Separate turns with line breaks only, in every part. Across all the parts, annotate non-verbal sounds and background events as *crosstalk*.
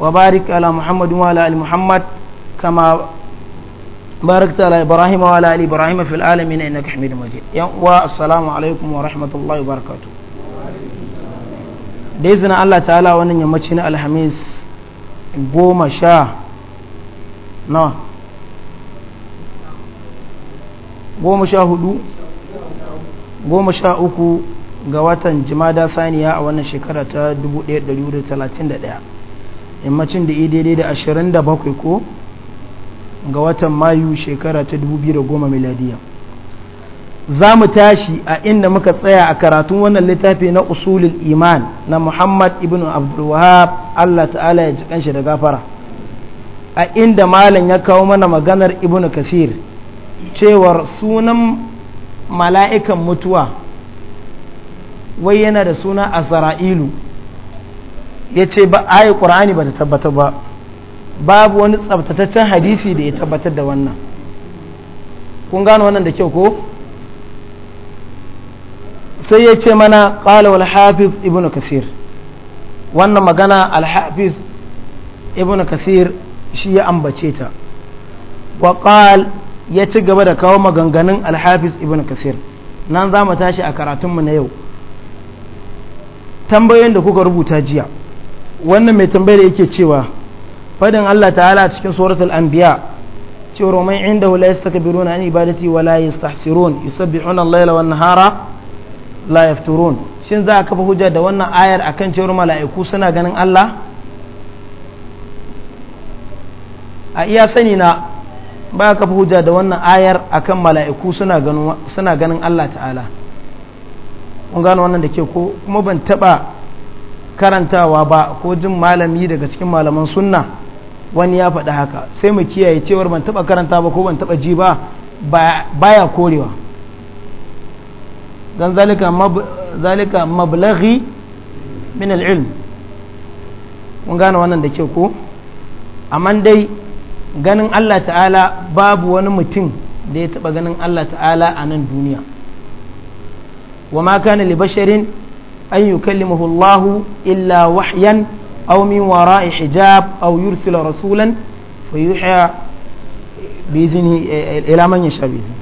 وبارك على محمد وعلى آل محمد كما باركت على إبراهيم وعلى آل إبراهيم في العالمين إنك حميد مجيد والسلام عليكم ورحمة الله وبركاته da izinin Allah ta'ala wannan yammaci na alhamis goma sha nawa goma sha hudu goma sha uku ga watan jimada saniya a wannan shekara ta 1431 yammacin da daidai da 27 ko ga watan mayu shekara ta 2010 miladiya za mu tashi a inda muka tsaya a karatun wannan littafi na usulul iman na muhammad ibn abdulwahab allah ta'ala ya ji kanshi da gafara a inda malam ya kawo mana maganar ibn kasir cewar sunan mala'ikan mutuwa wai yana da suna a ya ce ba ayi ƙur'ani ba ta tabbatar ba babu wani tsabtataccen hadisi da ya tabbatar da wannan kun gano wannan da kyau ko sai ya ce mana ƙala wal hafiz ibn kasir wannan magana al hafiz ibn kasir shi ya ambace ta wa ya ci gaba da kawo maganganun al hafiz ibn kasir nan za mu tashi a karatunmu na yau tambayoyin da kuka rubuta jiya wannan mai tambayar yake cewa fadin Allah ta'ala a cikin suratul anbiya cewa man indahu la yastakbiruna an ibadati wa la yastahsirun yusabbihuna al-laila wan nahara la yafturun shin za a kafa hujja da wannan ayar akan cewa mala'iku suna ganin Allah a iya sani na ba a kafa hujja da wannan ayar akan mala'iku suna ganin suna ganin Allah ta'ala kun gano wannan da ke ko kuma ban taba karantawa ba ko jin malami daga cikin malaman sunna wani ya faɗi haka sai mu kiyaye cewar ban taɓa karanta ba ko ban taɓa ji ba baya korewa dan zalika mab zalika mablaghi min al'ilm ilm mun gane wannan da ke ko amma dai ganin Allah ta'ala babu wani mutum da ya taɓa ganin Allah ta'ala a nan duniya wa ma kana li basharin أن يكلمه الله illa wahyan أو من wara'i hijab أو يرسل rasulan fayuha بإذن إلى من بإذن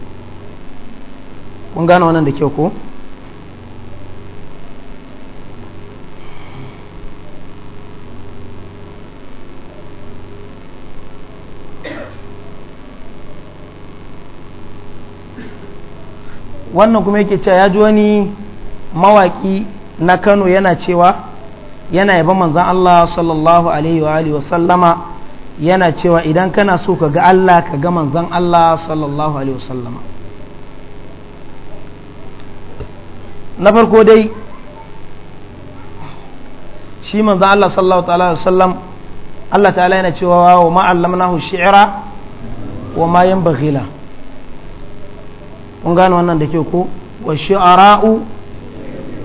wannan kuma yake cewa ya ji wani mawaki na kano yana cewa yana yaba manzan Allah sallallahu alaihi wa alihi wasallama yana cewa idan kana so ka ga Allah ka ga manzan Allah sallallahu alaihi sallama. na farko dai shi manzan Allah sallallahu alaihi wasallam Allah ta'ala yana cewa wa ma'allamnahu shi'ra wa ma yanbaghi la kun gane wannan da ke ko wa shi'ara'u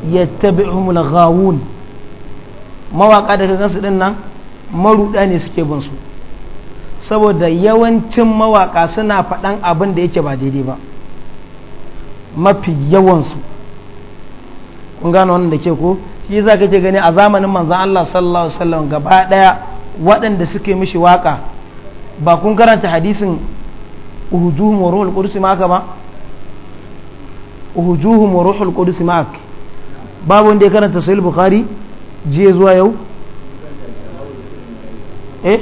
yattabi'uhum al-ghawun mawaka daga gansu din nan maruda ne suke bin su saboda yawancin mawaka suna faɗan abin da yake ba daidai ba mafi yawansu kun gano wannan da ke ko shi za ka gani a zamanin manzan Allah sallallahu alaihi wasallam gaba ɗaya waɗanda suke mishi waka ba kun karanta hadisin uhujuhum wa ruhul ba uhujuhum wa ruhul babu wanda ya karanta sahih bukhari jiya zuwa yau eh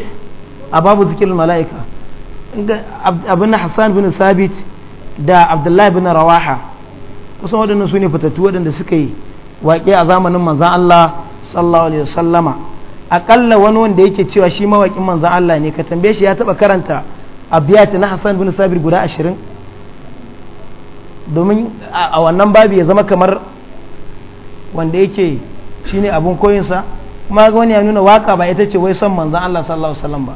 a babu zikirin mala'ika abin hassan bin sabit da abdullahi bin rawaha kusan waɗannan su ne fitattu waɗanda suka yi waƙe a zamanin manzan Allah sallallahu alaihi wasallama aƙalla wani wanda yake cewa shi mawaƙin manzan Allah ne ka tambaye shi ya taɓa karanta abiyati na hassan bin sabit guda ashirin domin a wannan babu ya zama kamar wanda yake shine abun koyinsa kuma ga wani ya nuna waka ba ita ce wai son manzan Allah sallallahu alaihi wasallam ba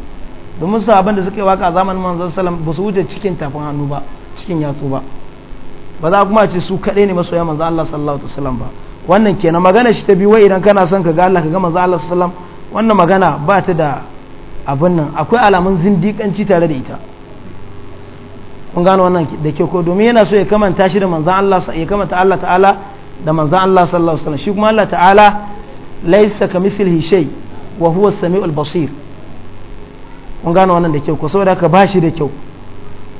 domin su abin da suke waka a zamanin manzan sallam ba su wuce cikin tafin hannu ba cikin yatsu ba ba za kuma ce su kaɗai ne masoya manzan Allah sallallahu alaihi wasallam ba wannan kenan magana shi ta biyu wai idan kana son ka ga Allah ka ga manzan Allah sallallahu alaihi wasallam wannan magana ba ta da abin nan akwai alamun zindiƙanci tare da ita kun gano wannan da ke ko domin yana so ya kamanta shi da manzan Allah ya kamanta Allah ta'ala da manzan Allah sallallahu alaihi wasallam shi kuma Allah ta'ala laisa ka shay wa huwa samiul basir kun gano wannan da kyau ko saboda ka bashi da kyau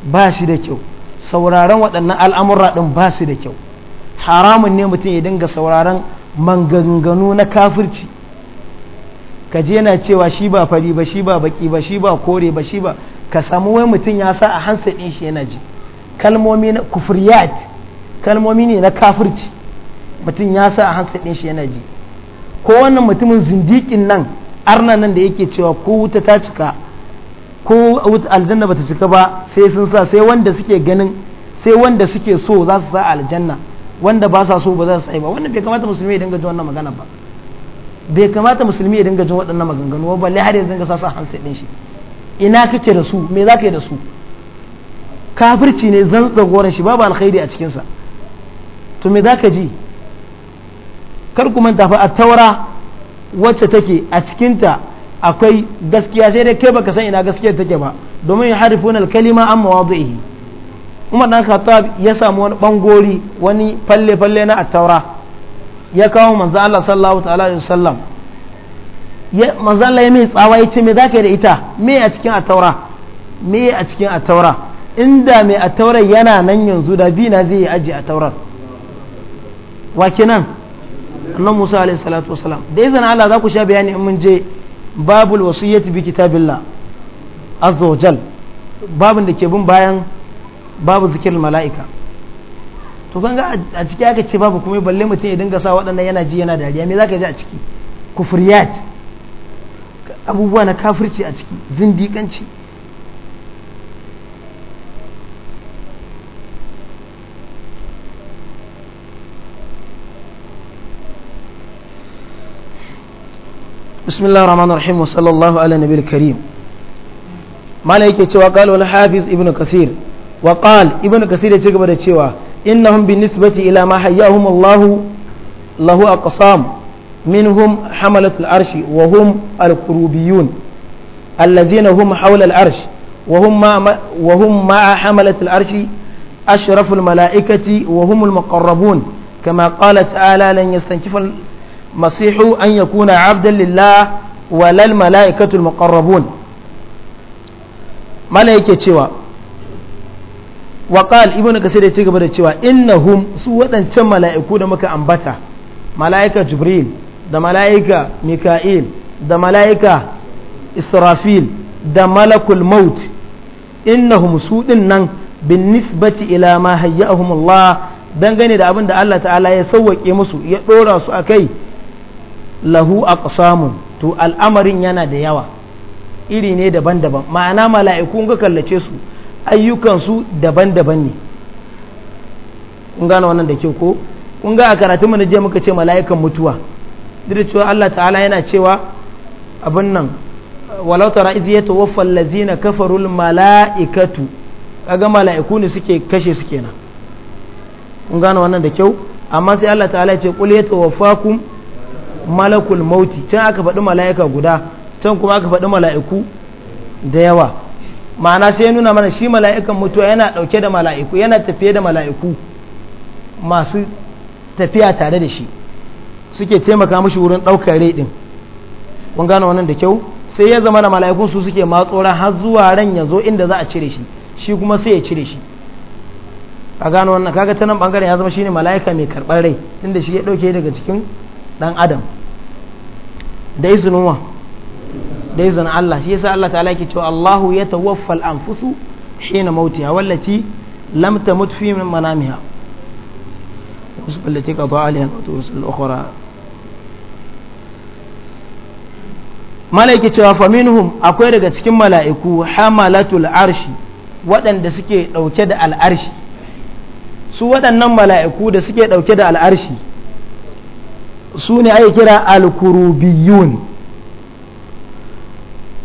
bashi da kyau sauraron waɗannan al'amura din bashi da kyau haramun ne mutum ya dinga sauraron manganganu na kafirci ka je yana cewa shi ba fari ba shi ba baki ba shi ba kore ba shi ba ka samu wai mutum ya sa a hansa ɗin shi yana ji kalmomi na kufriyat kalmomi ne na kafirci mutum ya sa a hansa ɗin shi yana ji ko wannan mutumin zindikin nan arna nan da yake cewa ko wuta ta cika ko wuta aljanna bata cika ba sai sun sa sai wanda suke ganin sai wanda suke so za su sa aljanna wanda ba sa so ba za su sai ba wannan bai kamata musulmi ya dinga jin wannan magana ba bai kamata musulmi ya dinga jin waɗannan maganganu ba balle har ya dinga sa sa hansa ɗin shi ina kake da su me za ka yi da su kafirci ne zan tsagoran shi babu alkhairi a cikinsa to me za ka ji kar ku manta fa at-taura wacce take a cikinta akwai gaskiya sai dai kai baka san ina gaskiyar take ba domin ya harifuna al-kalima an mawadihi Umar dan Khattab ya samu wani bangori wani falle falle na at-taura ya kawo manzo Allah sallallahu ta'ala alaihi wasallam ya manzo Allah ya mai tsawa ya me zaka da ita me a cikin at me a cikin at-taura inda mai at-taura yana nan yanzu da na zai yi aji at-taurar wa kenan annabi Musa alaihi salatu wasalam da izinin Allah za ku sha bayani in mun je babul wasiyyati bi kitabillah azza wa jal babin da ke bin bayan babu zikirin mala'ika to kan ga a ciki aka ce babu kuma balle mutum ya dinga sa waɗannan yana ji yana dariya me zaka ji a ciki kufriyat abubuwa na kafirci a ciki zindikanci. بسم الله الرحمن الرحيم وصلى الله على النبي الكريم ما yake cewa قال والحافظ ابن كثير وقال ابن كثير يجي gaba da cewa innahum binisbati ila ma hayyahum Allah lahu aqsam min hamalat al-arsh wa hum al-kurubiyun alladhina hum hawla al wa hum ma wa hum ma hamalat al-arsh ashraful malaikati wa humul muqarrabun kama qala ta'ala lan masihu an yakuna abdan walal mala'ikatul muqarrabun mala yake cewa waƙal ibn kasir ci gaba da cewa innahum su waɗancan mala'iku da muka ambata mala'ika jibril da mala'ika mika'il da mala'ika israfil da malakul maut innahum su ɗin nan bin nisbati ila ma hayyahum Allah dangane da abin da Allah ta'ala ya sauwaƙe musu ya ɗora su a kai lahu aqsamun to al'amarin yana da yawa iri ne daban-daban ma'ana mala'iku ga kallace su ayyukansu daban-daban ne kun gane wannan da kyau ko kun ga a karatun mu je muka ce mala'ikan mutuwa duk da cewa Allah ta'ala yana cewa abin nan walau tara idh yatawaffa allazina kafaru mala'ikatu kaga mala'iku ne suke kashe su kenan kun gane wannan da kyau amma sai Allah ta'ala ya ce qul yatawaffakum malakul mauti can aka faɗi mala'ika guda can kuma aka faɗi mala'iku da yawa ma'ana sai ya nuna mana shi mala'ikan mutuwa yana ɗauke da mala'iku yana tafiye da mala'iku masu tafiya tare da shi suke taimaka mashi wurin ɗaukar rai ɗin kun gane wannan da kyau sai ya zama da mala'ikun su suke matsora har zuwa ran ya zo inda za a cire shi shi kuma sai ya cire shi a gano wannan kaga ta nan bangaren ya zama shine mala'ika mai karɓar rai tunda shi ya ɗauke daga cikin dan adam da izinin wa da izinin Allah shi yasa Allah ta'ala yake cewa Allahu ya tawaffal anfusu hina mautiha wallati lam tamut fi min manamiha wasu ballati ka ba aliyan wato wasu al'ukhra malaiki cewa faminhum akwai daga cikin mala'iku hamalatul arshi waɗanda suke ɗauke da al'arshi su waɗannan mala'iku da suke ɗauke da al'arshi su ne ake kira alkurubiyun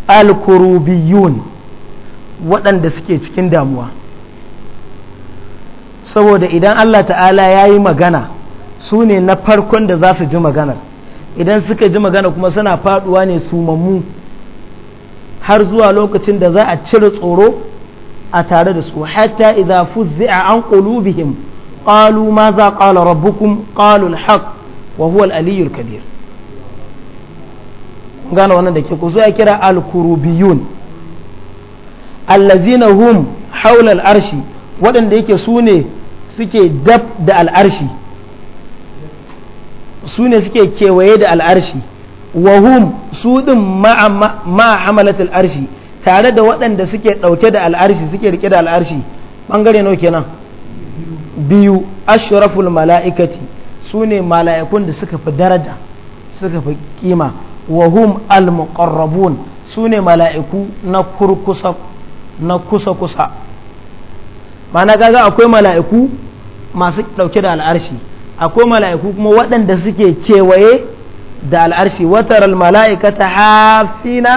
alkurubiyun waɗanda suke cikin damuwa saboda idan Allah ta'ala ya yi magana su ne na farkon da za su ji maganar idan suka ji magana kuma suna faduwa ne su mamu har zuwa lokacin da za a cire tsoro a tare da su hatta idza fuzzi'a an qulubihim qalu ma za qala rabbukum qalu al-haqq wa huwa al-aliyyul kabir gane wannan da ke ku ya kira al-kurubiyun allazina hum haula al-arshi waɗanda yake su suke dab da su ne suke kewaye da al'arshi wa hum su din ma hamalat arshi tare da waɗanda suke ɗauke da al'arshi suke rike da al'arshi bangare nawa kenan biyu ashraful mala'ikati su ne mala'ikun da suka fi daraja suka fi kima wa hum al-muqarrabun su ne mala'iku na kurkusa na kusa-kusa mana gaga akwai mala'iku masu ɗauke da al'arshi akwai mala'iku kuma waɗanda suke kewaye da al'arshi wataral mala'ika ta hafina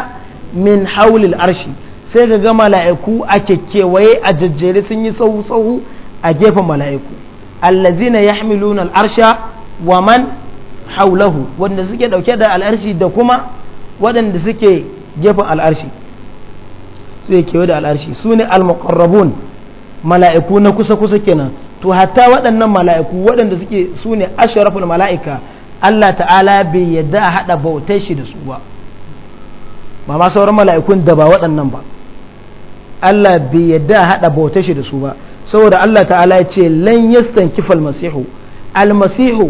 min haulil arshi sai ga ga mala'iku a kewaye a jajjere sun yi tsawo-tsawo a gefen mala'iku allazina yahmiluna al'arsha wa man haulahu wanda suke dauke da al'arshi da kuma waɗanda suke gefen al'arshi su yake da al'arshi su ne al-muqarrabun mala'iku na kusa-kusa kenan to hatta waɗannan mala'iku waɗanda suke su ne asharaful mala'ika Allah ta'ala bai yadda a haɗa bautar shi da su ba ba ma sauran mala'ikun da ba waɗannan ba Allah bai yadda a haɗa bautar shi da su ba saboda Allah ta'ala ya ce lan Masihu almasihu masihu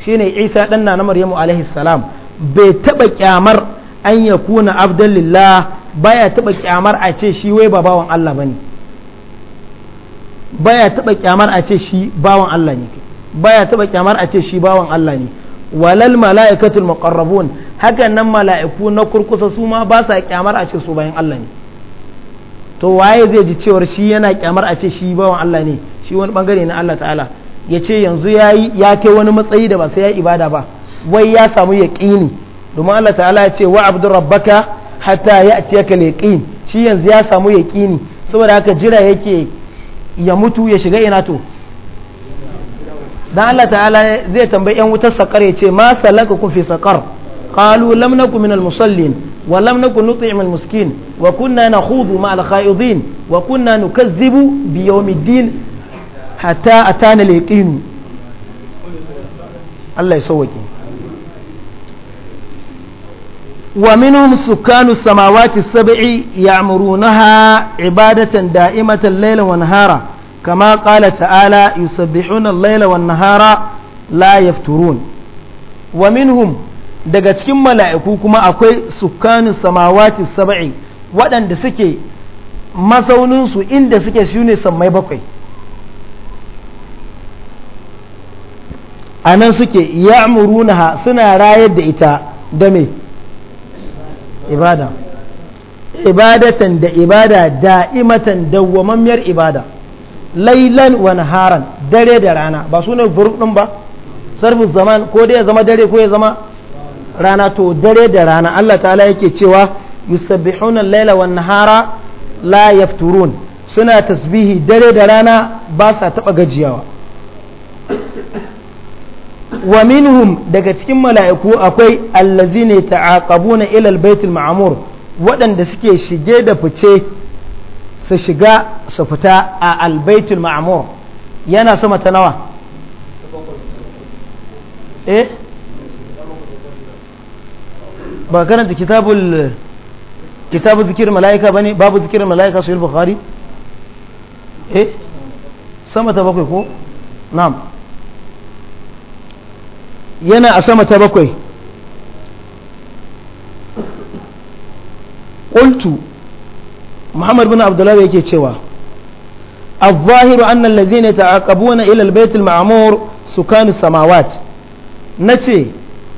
shine Isa dan na Maryamu alaihi salam bai taba kyamar an ya kuna abdallillah baya taba kyamar a ce shi wai babawan Allah bane baya taba kyamar a ce shi bawan Allah ne baya taba kyamar a ce shi bawan Allah ne walal mala'ikatul muqarrabun hakan nan mala'iku na kurkusa su ma ba sa kyamar a ce su bayan Allah ne to waye zai ji cewar shi yana kyamar a ce shi bawan Allah ne shi wani bangare na Allah ta'ala ya ce yanzu ya ke wani matsayi da ba sai ya ibada ba wai ya samu yaqini domin Allah ta'ala ya ce wa abdu rabbaka hatta ka yaqin shi yanzu ya samu yaqini saboda haka jira yake ya mutu ya shiga ina to dan Allah ta'ala zai tambayi yan wutar sakar ya ce ma salaka kun fi sakar qalu lam nakum minal musallin ولم نكن نطعم المسكين وكنا نخوض مع الخائضين وكنا نكذب بيوم الدين حتى أتانا اليقين الله يسوك ومنهم سكان السماوات السبع يعمرونها عبادة دائمة ليلا ونهارا كما قال تعالى يسبحون الليل والنهار لا يفترون ومنهم daga cikin mala'iku kuma akwai sukanu samawati saba'i waɗanda suke masauninsu inda suke shi ne sammai bakwai a nan suke ya'murunaha suna rayar da ita da me ibada ibadatan da ibada da'imatan dawwamammiyar ibada lailan wa naharan dare da rana ba su ne ba sarfin zaman ko dai ya zama dare ko ya zama rana to dare da rana Allah ta'ala yake cewa yusabbihuna al-laila wan nahara la yafturun suna tasbihi dare da rana ba sa taba gajiyawa wa minhum daga cikin mala'iku akwai allazina ta'aqabuna ila al-baitul ma'mur waɗanda suke shige da fice su shiga su fita a albaitul ma'mur yana sama ta nawa eh ba karanta kitabul kitabu zikir mala'ika bane babu zikir mala'ika sahih bukhari eh sama ta bakwai ko na'am yana a sama ta bakwai qultu muhammad bin abdullahi yake cewa الظاهر أن الذين يتعاقبون إلى البيت المعمور سكان السماوات نتي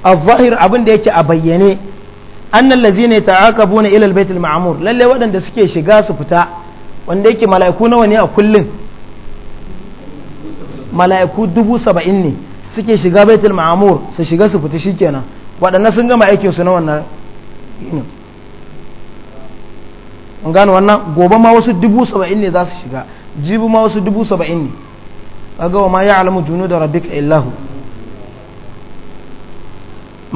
الظاهر أبن ديك أبيني ta ladzina ta'aqabuna ilal albayt alma'mur lalle waɗanda suke shiga su fita wanda yake mala'iku nawa ne a kullun mala'iku dubu saba'in ne suke shiga baitul ma'amur su shiga su fita shikenan waɗannan sun gama aikin su na wannan an gano wannan gobe ma wasu dubu saba'in ne za su shiga jibu ma wasu dubu saba'in ne kaga wa ma ya alamu junu da rabbika illahu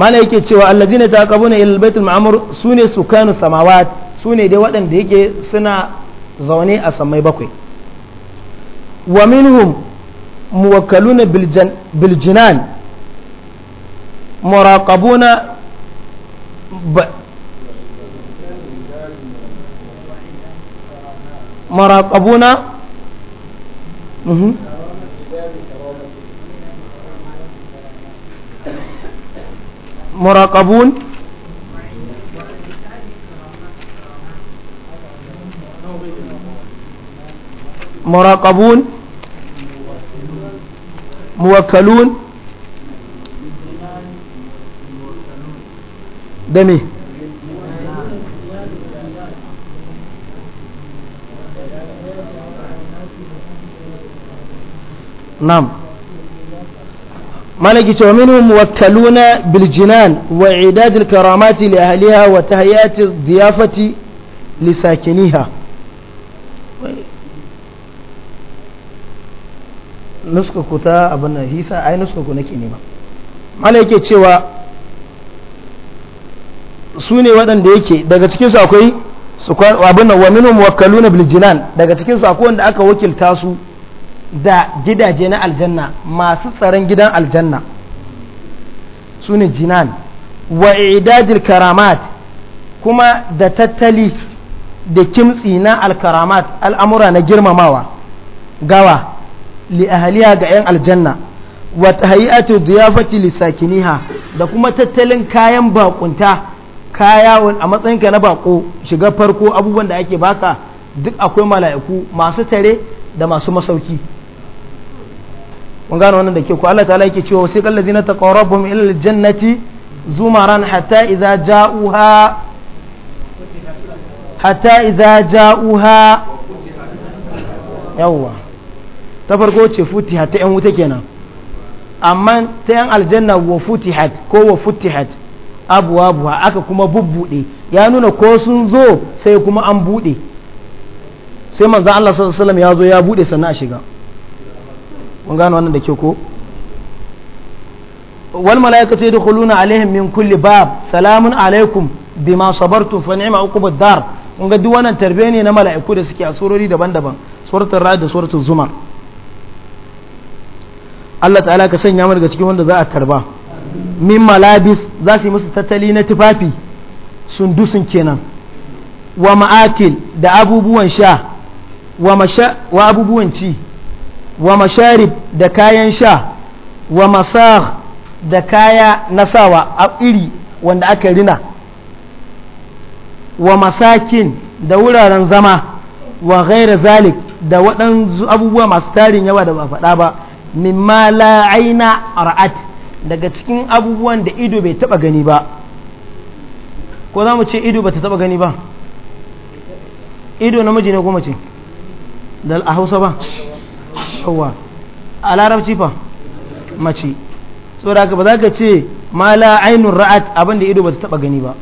mana yake cewa alladina ta kabuna albaytul ma'mur sune sukanu samawat sune dai waɗanda yake suna zaune a samai bakwai wa minhum muwakkaluna bil jinan muraqabuna mhm. مراقبون مراقبون موكلون دمي نعم malaki cewa minhum muwakkaluna bil jinan wa idad karamati li wa ta abin nan hisa ai nuska cewa su ne yake daga cikinsu akwai abin nan wa minhum muwakkaluna bil jinan daga cikinsu akwai wanda aka wakilta su da gidaje na aljanna masu tsaron gidan aljanna su ne jinan wa idadil karamat kuma da tattali da kimtsi na alkaramat al'amura na girmamawa gawa li ahaliya ga 'yan aljanna wa tahayyatu diyafati li sakiniha da kuma tattalin kayan bakunta kaya a matsayinka na bako shiga farko abubuwan da ake baka duk akwai mala'iku masu tare da masu masauki mun gano wannan da ke ku Allah ta'ala yake cewa sai kallazi na taqarrabum ila aljannati zumaran hatta idza ja'uha hatta idza ja'uha yawwa ta farko ce futihat ta yan wuta kenan amma ta yan aljanna wa futihat ko wa futihat abuwa aka kuma bubbude ya nuna ko sun zo sai kuma an bude sai manzo Allah sallallahu alaihi wasallam ya zo ya bude sannan a shiga mun gano wannan da ke ko wal mala'ikatu yadkhuluna alaihim min kulli bab salamun alaikum bima sabartu fa ni'ma uqubud dar mun ga duk wannan tarbe ne na mala'iku da suke a surori daban-daban suratul ra'd da suratul zumar Allah ta'ala ka sanya mu daga cikin wanda za a tarba min malabis za su yi musu tattali na tufafi sundusun kenan wa ma'akil da abubuwan sha wa abubuwan ci wa masharib da kayan sha wa masar da kaya na sawa a iri wanda aka rina wa masakin da wuraren zama wa gaira zalik da waɗansu abubuwa masu tarin yawa da ba faɗa ba mimma la'aina a ra'at daga cikin abubuwan da ido bai taɓa gani ba ko za mu ce ido ba ta taɓa gani ba ido namiji ne ko mace da a hausa ba huwa a larabci fa mace saboda haka ba za ka ce ma la ainun ra'at abin da ido ba ta taba gani ba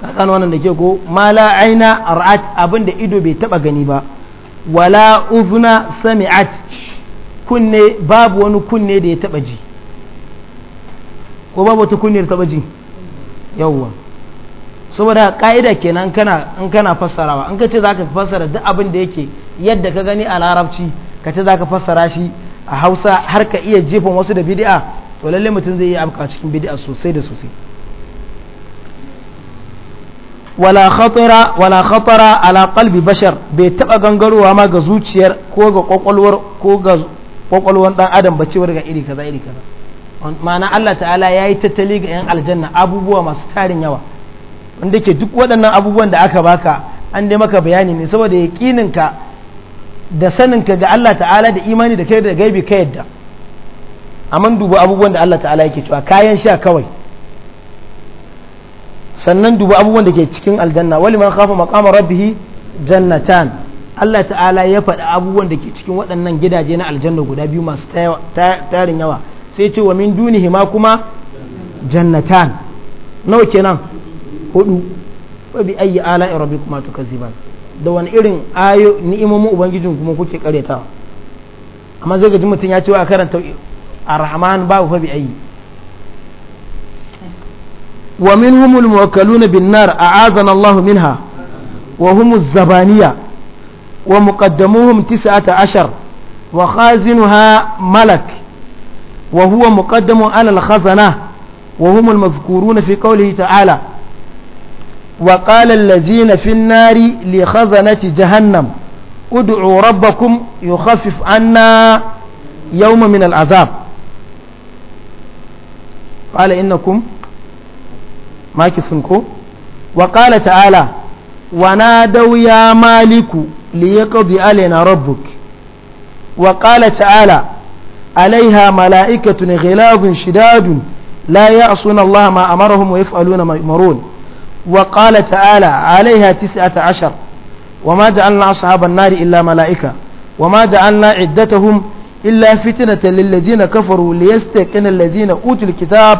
ka kano wannan da ke ko ma la aina ra'at abin da ido bai taba gani ba wala uzna sami'at kunne babu wani kunne da ya taba ji ko babu wata kunne da taba ji yawwa saboda ka'ida kenan in kana fassarawa in ka ce za ka fassara duk abin da yake yadda ka gani a larabci ka ce za ka fassara shi a hausa har ka iya jefa wasu da bidi'a to lalle mutum zai iya amka cikin bidi'a sosai da sosai wala khatara wala khatara ala qalbi bashar bai taba gangarowa ma ga zuciyar ko ga kwakwalwar ko ga kwakwalwar dan adam ba cewar ga iri kaza iri kaza ma'ana Allah ta'ala yayi tattali ga yan aljanna abubuwa masu tarin yawa wanda ke duk waɗannan abubuwan da aka baka an dai maka bayani ne saboda yaqininka da sanin ka ga Allah ta'ala da imani da kai da gaibi ka yadda amma dubu abubuwan da Allah ta'ala yake cewa kayan sha kawai sannan dubu abubuwan da ke cikin aljanna wali man khafa maqama rabbih jannatan Allah ta'ala ya faɗi abubuwan da ke cikin waɗannan gidaje na aljanna guda biyu masu tarin yawa sai ce wa min dunihi ma kuma jannatan nawa kenan hudu wa bi ayyi ala'i rabbikuma tukazziban da wani irin ayo ni'imomin ubangijin kuma kuke kareta amma zai gaji mutum ya ce wa karanta arhaman babu fa bi ayi wa minhum almuwakkalun bin nar a'azana Allah minha wa hum az-zabaniya wa muqaddamuhum 19 wa khazinuha malak wa huwa muqaddamu ala al-khazanah wa hum al-madhkurun fi qawlihi ta'ala وقال الذين في النار لخزنة جهنم ادعوا ربكم يخفف عنا يوم من العذاب قال إنكم ماكثنكم وقال تعالى ونادوا يا مالك ليقضي علينا ربك وقال تعالى عليها ملائكة غلاب شداد لا يعصون الله ما أمرهم ويفعلون ما يؤمرون وقال تعالى عليها تسعة عشر وما جعلنا أصحاب النار إلا ملائكة وما جعلنا عدتهم إلا فتنة للذين كفروا ليستيقن الذين أوتوا الكتاب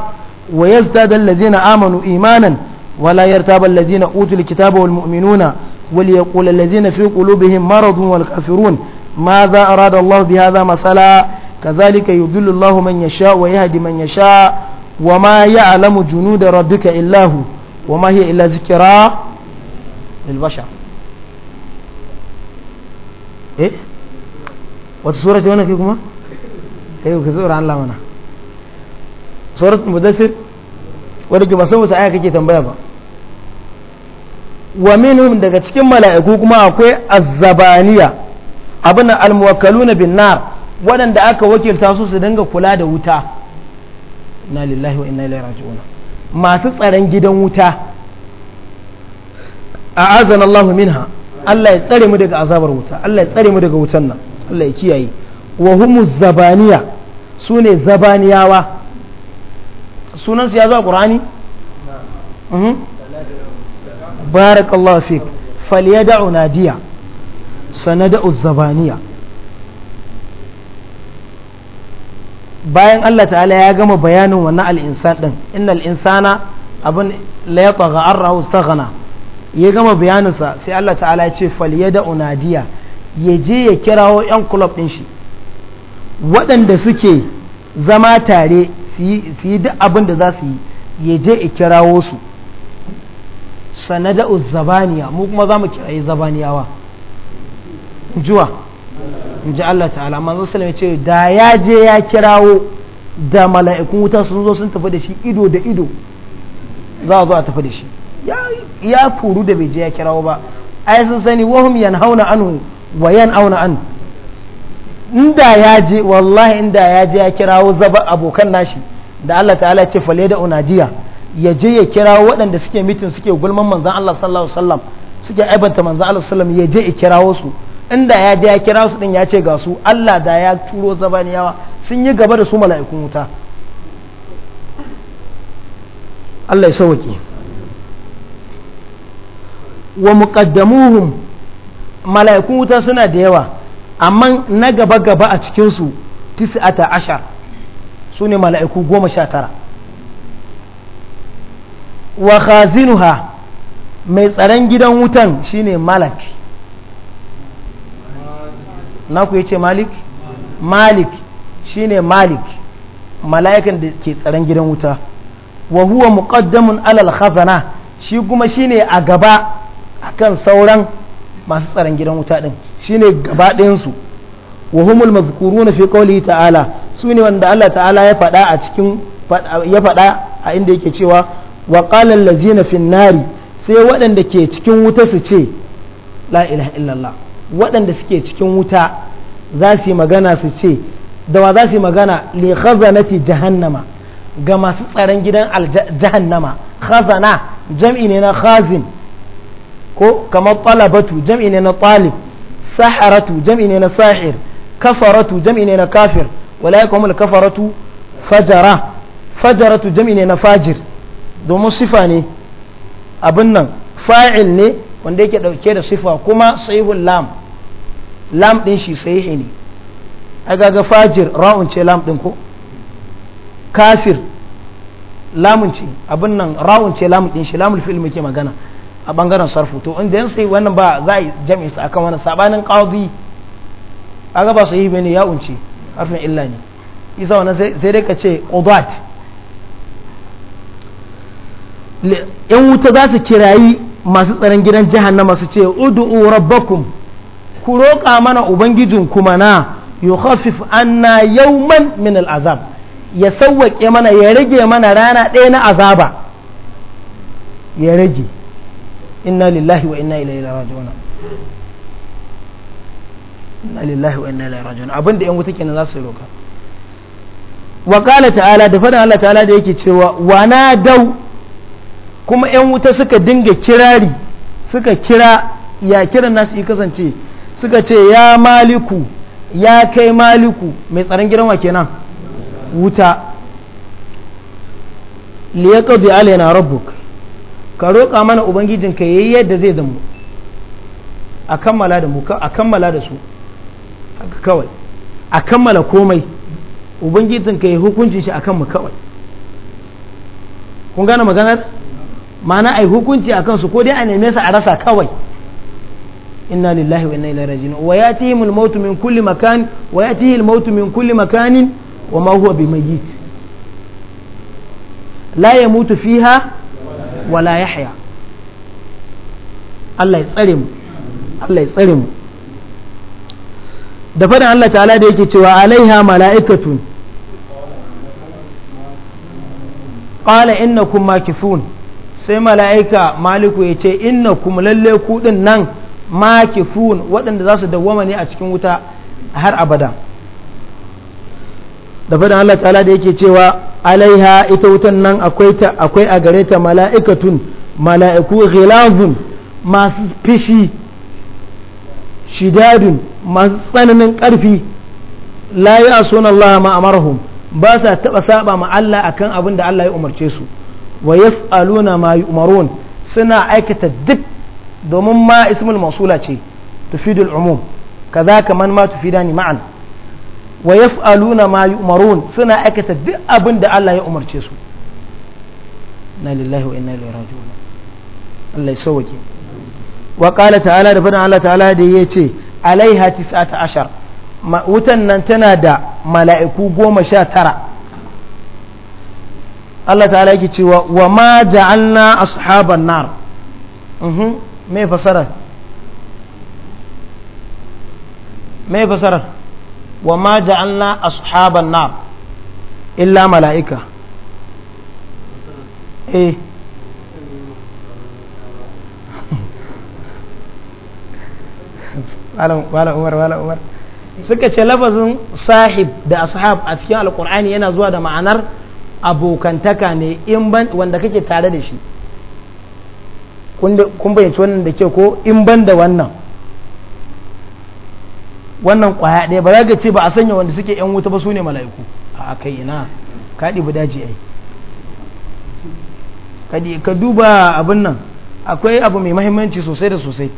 ويزداد الذين آمنوا إيمانا ولا يرتاب الذين أوتوا الكتاب والمؤمنون وليقول الذين في قلوبهم مرض والكافرون ماذا أراد الله بهذا مثلا كذلك يضل الله من يشاء ويهدي من يشاء وما يعلم جنود ربك إلا هو وما هي إلا ذكرى للبشر إيه وتصورة جوانا كيكما أيوة كسورة عن لامنا سورة مدثر ولك بصوة san wata aya kake tambaya ba wa minhum daga cikin mala'iku kuma akwai azzabaniya abin almuwakkaluna bin nar wadanda aka wakilta su su dinga kula da wuta inna lillahi wa inna ilaihi raji'un masu tsaron gidan wuta a azan Allah minha Allah ya tsare mu daga azabar wuta Allah ya tsare mu daga wutan nan Allah ya kiyaye wa humu zabaniya su ne zabaniyawa sunansu ya zo a ƙur'ani mhm. barakallahu fik falyada'u nadiya sanada'u zabaniya bayan Allah ta'ala ya gama bayanin wannan al'insan ɗin innal insana abin la ya tsaga an rahu staghana ya gama bayaninsa sai Allah ta'ala ya ce faliya da unadiya ya je ya kirawo 'yan kulob ɗin shi waɗanda suke zama tare su yi duk abin da za su yi ya je ya kirawo su sanada'u zabaniya mu kuma za mu kirayi zabaniyawa juwa in ji Allah ta'ala manzo zan alaihi ce da ya je ya kirawo da mala'ikun wuta sun zo sun tafi da shi ido da ido za a zo a tafi da shi ya kuru da bai je ya kirawo ba ai sun sani wahum yanhauna anhu wa yanauna an inda ya je wallahi inda ya je ya kirawo zaba abokan nashi da Allah ta'ala ce fale da unajiya ya je ya kirawo waɗanda suke mitin suke gulman manzan Allah sallallahu alaihi wasallam suke aibanta manzan Allah sallallahu alaihi wasallam ya je ya kirawo su inda ya ya kira su din ya ce ga su Allah da ya turo zabaniyawa sun yi gaba da su mala'ikun wuta Allah ya sauki wa muqaddamuhum mala'ikun wuta suna da yawa amma na gaba gaba a cikin su tis'ata ashar su ne mala'iku goma sha tara wa khazinuha mai tsaron gidan wutan shine malaki naku ya ce malik malik shine malik mala'ikan da ke tsaron gidan wuta wa huwa muqaddamun alal khazana shi kuma shine a gaba akan sauran masu tsaron gidan wuta din shine gaba ɗayansu wa humul mazkuruna fi qawlihi ta'ala su ne wanda Allah ta'ala ya faɗa a cikin ya faɗa a inda yake cewa wa qala allazina fin nari sai waɗanda ke cikin wuta su ce la ilaha illallah waɗanda suke cikin wuta za su yi magana su ce da wa za su yi magana li khazanati jahannama ga masu tsaron gidan jahannama khazana jam'i ne na khazin ko kamar talabatu jam'i ne na talib saharatu jam'i ne na sahir kafaratu jam'i ne na kafir wala yakumul kafaratu fajara fajaratu jam'i ne na fajir domin sifa ne abin nan fa'il ne wanda yake dauke da sifa kuma sahihul lam lam din shi sahihi ne aga ga fajir ra'un ce lam din ko kafir lamun ce abin nan ra'un ce lamun din shi lamul fi'il muke magana a bangaren sarfu to inda yan sai wannan ba za a jami'a sa akan wannan sabanin qadi aga ba sahihi bane ya unce harfin illa ne isa wannan sai dai ka ce qudat in wuta za su kirayi masu tsaron gidan jahannama su ce ud'u rabbakum ku roƙa mana ubangijin kuma na yukhaffif anna yawman min al'azab ya sawwake mana ya rage mana rana ɗaya na azaba ya rage inna lillahi wa inna ilaihi raji'un inna lillahi wa inna ilaihi raji'un abinda yan wuta kenan za su roƙa wa qala ta'ala da fadan Allah ta'ala da yake cewa wa dau kuma 'yan wuta suka dinga kirari suka kira ya kiran nasu yi kasance suka ce ya maliku ya kai maliku mai tsaron gidan ke nan wuta liyaqdi na rabbuk ka roƙa mana ubangijinka yi yadda zai damu a kammala da mu a kammala da su kawai a kammala komai ubangijinka ya hukuncin shi kan mu kawai kun gane maganar ma'ana ai hukunci a kansu ko dai a neme su a rasa kawai inna lillahi wa inna ilaihi raji'un wa yatihim al-maut min kulli makan wa yatihi al-maut min kulli makanin wa ma huwa bimayyit la yamutu fiha wa la yahya Allah ya tsare mu Allah ya tsare mu da faɗin Allah ta'ala da yake cewa alaiha mala'ikatun qala innakum makifun sai mala'ika maliku ya ce inna kuma lalle kuɗin nan makifun waɗanda za su dawwama ne a cikin wuta har abada da faɗin Allah ta'ala da yake cewa alaiha ita wutan nan akwai a gare ta mala'ikatun mala'iku ghilazun masu fishi shidadun masu tsananin ƙarfi la a sunan Allah ma'amarhum ba sa taɓa saba ma Allah akan abin da Allah ya umarce su wa yaf'aluna ma yu'marun suna aikata duk domin ma ismul masula ce kaza kaman ma tufidani ma'an wa yaf'aluna ma yu'marun suna aikata duk abin da Allah ya umarce su na lillahi wa inna ilaihi raji'un Allah ya sauke wa qala ta'ala da fadan Allah ta'ala da yace alaiha 19 wutan nan tana da mala'iku goma sha tara Allah ta'ala yake cewa wa ma ja'alna ashaban nar mhm me fasara me fasara wa ma ja'alna ashaban nar illa mala'ika eh wala *laughs* umar wala umar suka ce lafazin sahib da ashab a cikin alkur'ani yana zuwa da ma'anar abokantaka ne in ban wanda kake tare da shi kun bayyanci wannan da ke ko in ban da wannan wannan kwaya ɗaya ba za ka ce ba a sanya wanda suke yan wuta ba su ne mala'iku a kai ina ka ɗibi daji ai ka duba abin nan akwai abu mai mahimmanci sosai da sosai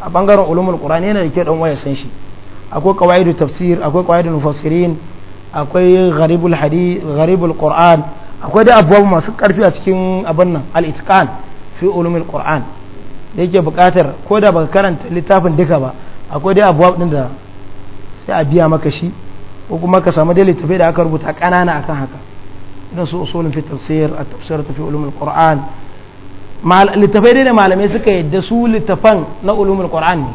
a bangaren ulumul qur'ani yana da ke dan waya san shi akwai qawaidu tafsir akwai qawaidu mufassirin akwai gharibul hadi gharibul qur'an akwai da abubuwa masu karfi a cikin abin nan al-itqan fi ulumil qur'an da yake bukatar ko da baka karanta littafin duka ba akwai dai abuwa din da sai a biya maka shi ko kuma ka samu dai littafai da aka rubuta kanana akan haka idan su usulun fi tafsir at tafsir fi ulumil qur'an littafai dai da malamai suka yadda su littafan na ulumul qur'an ne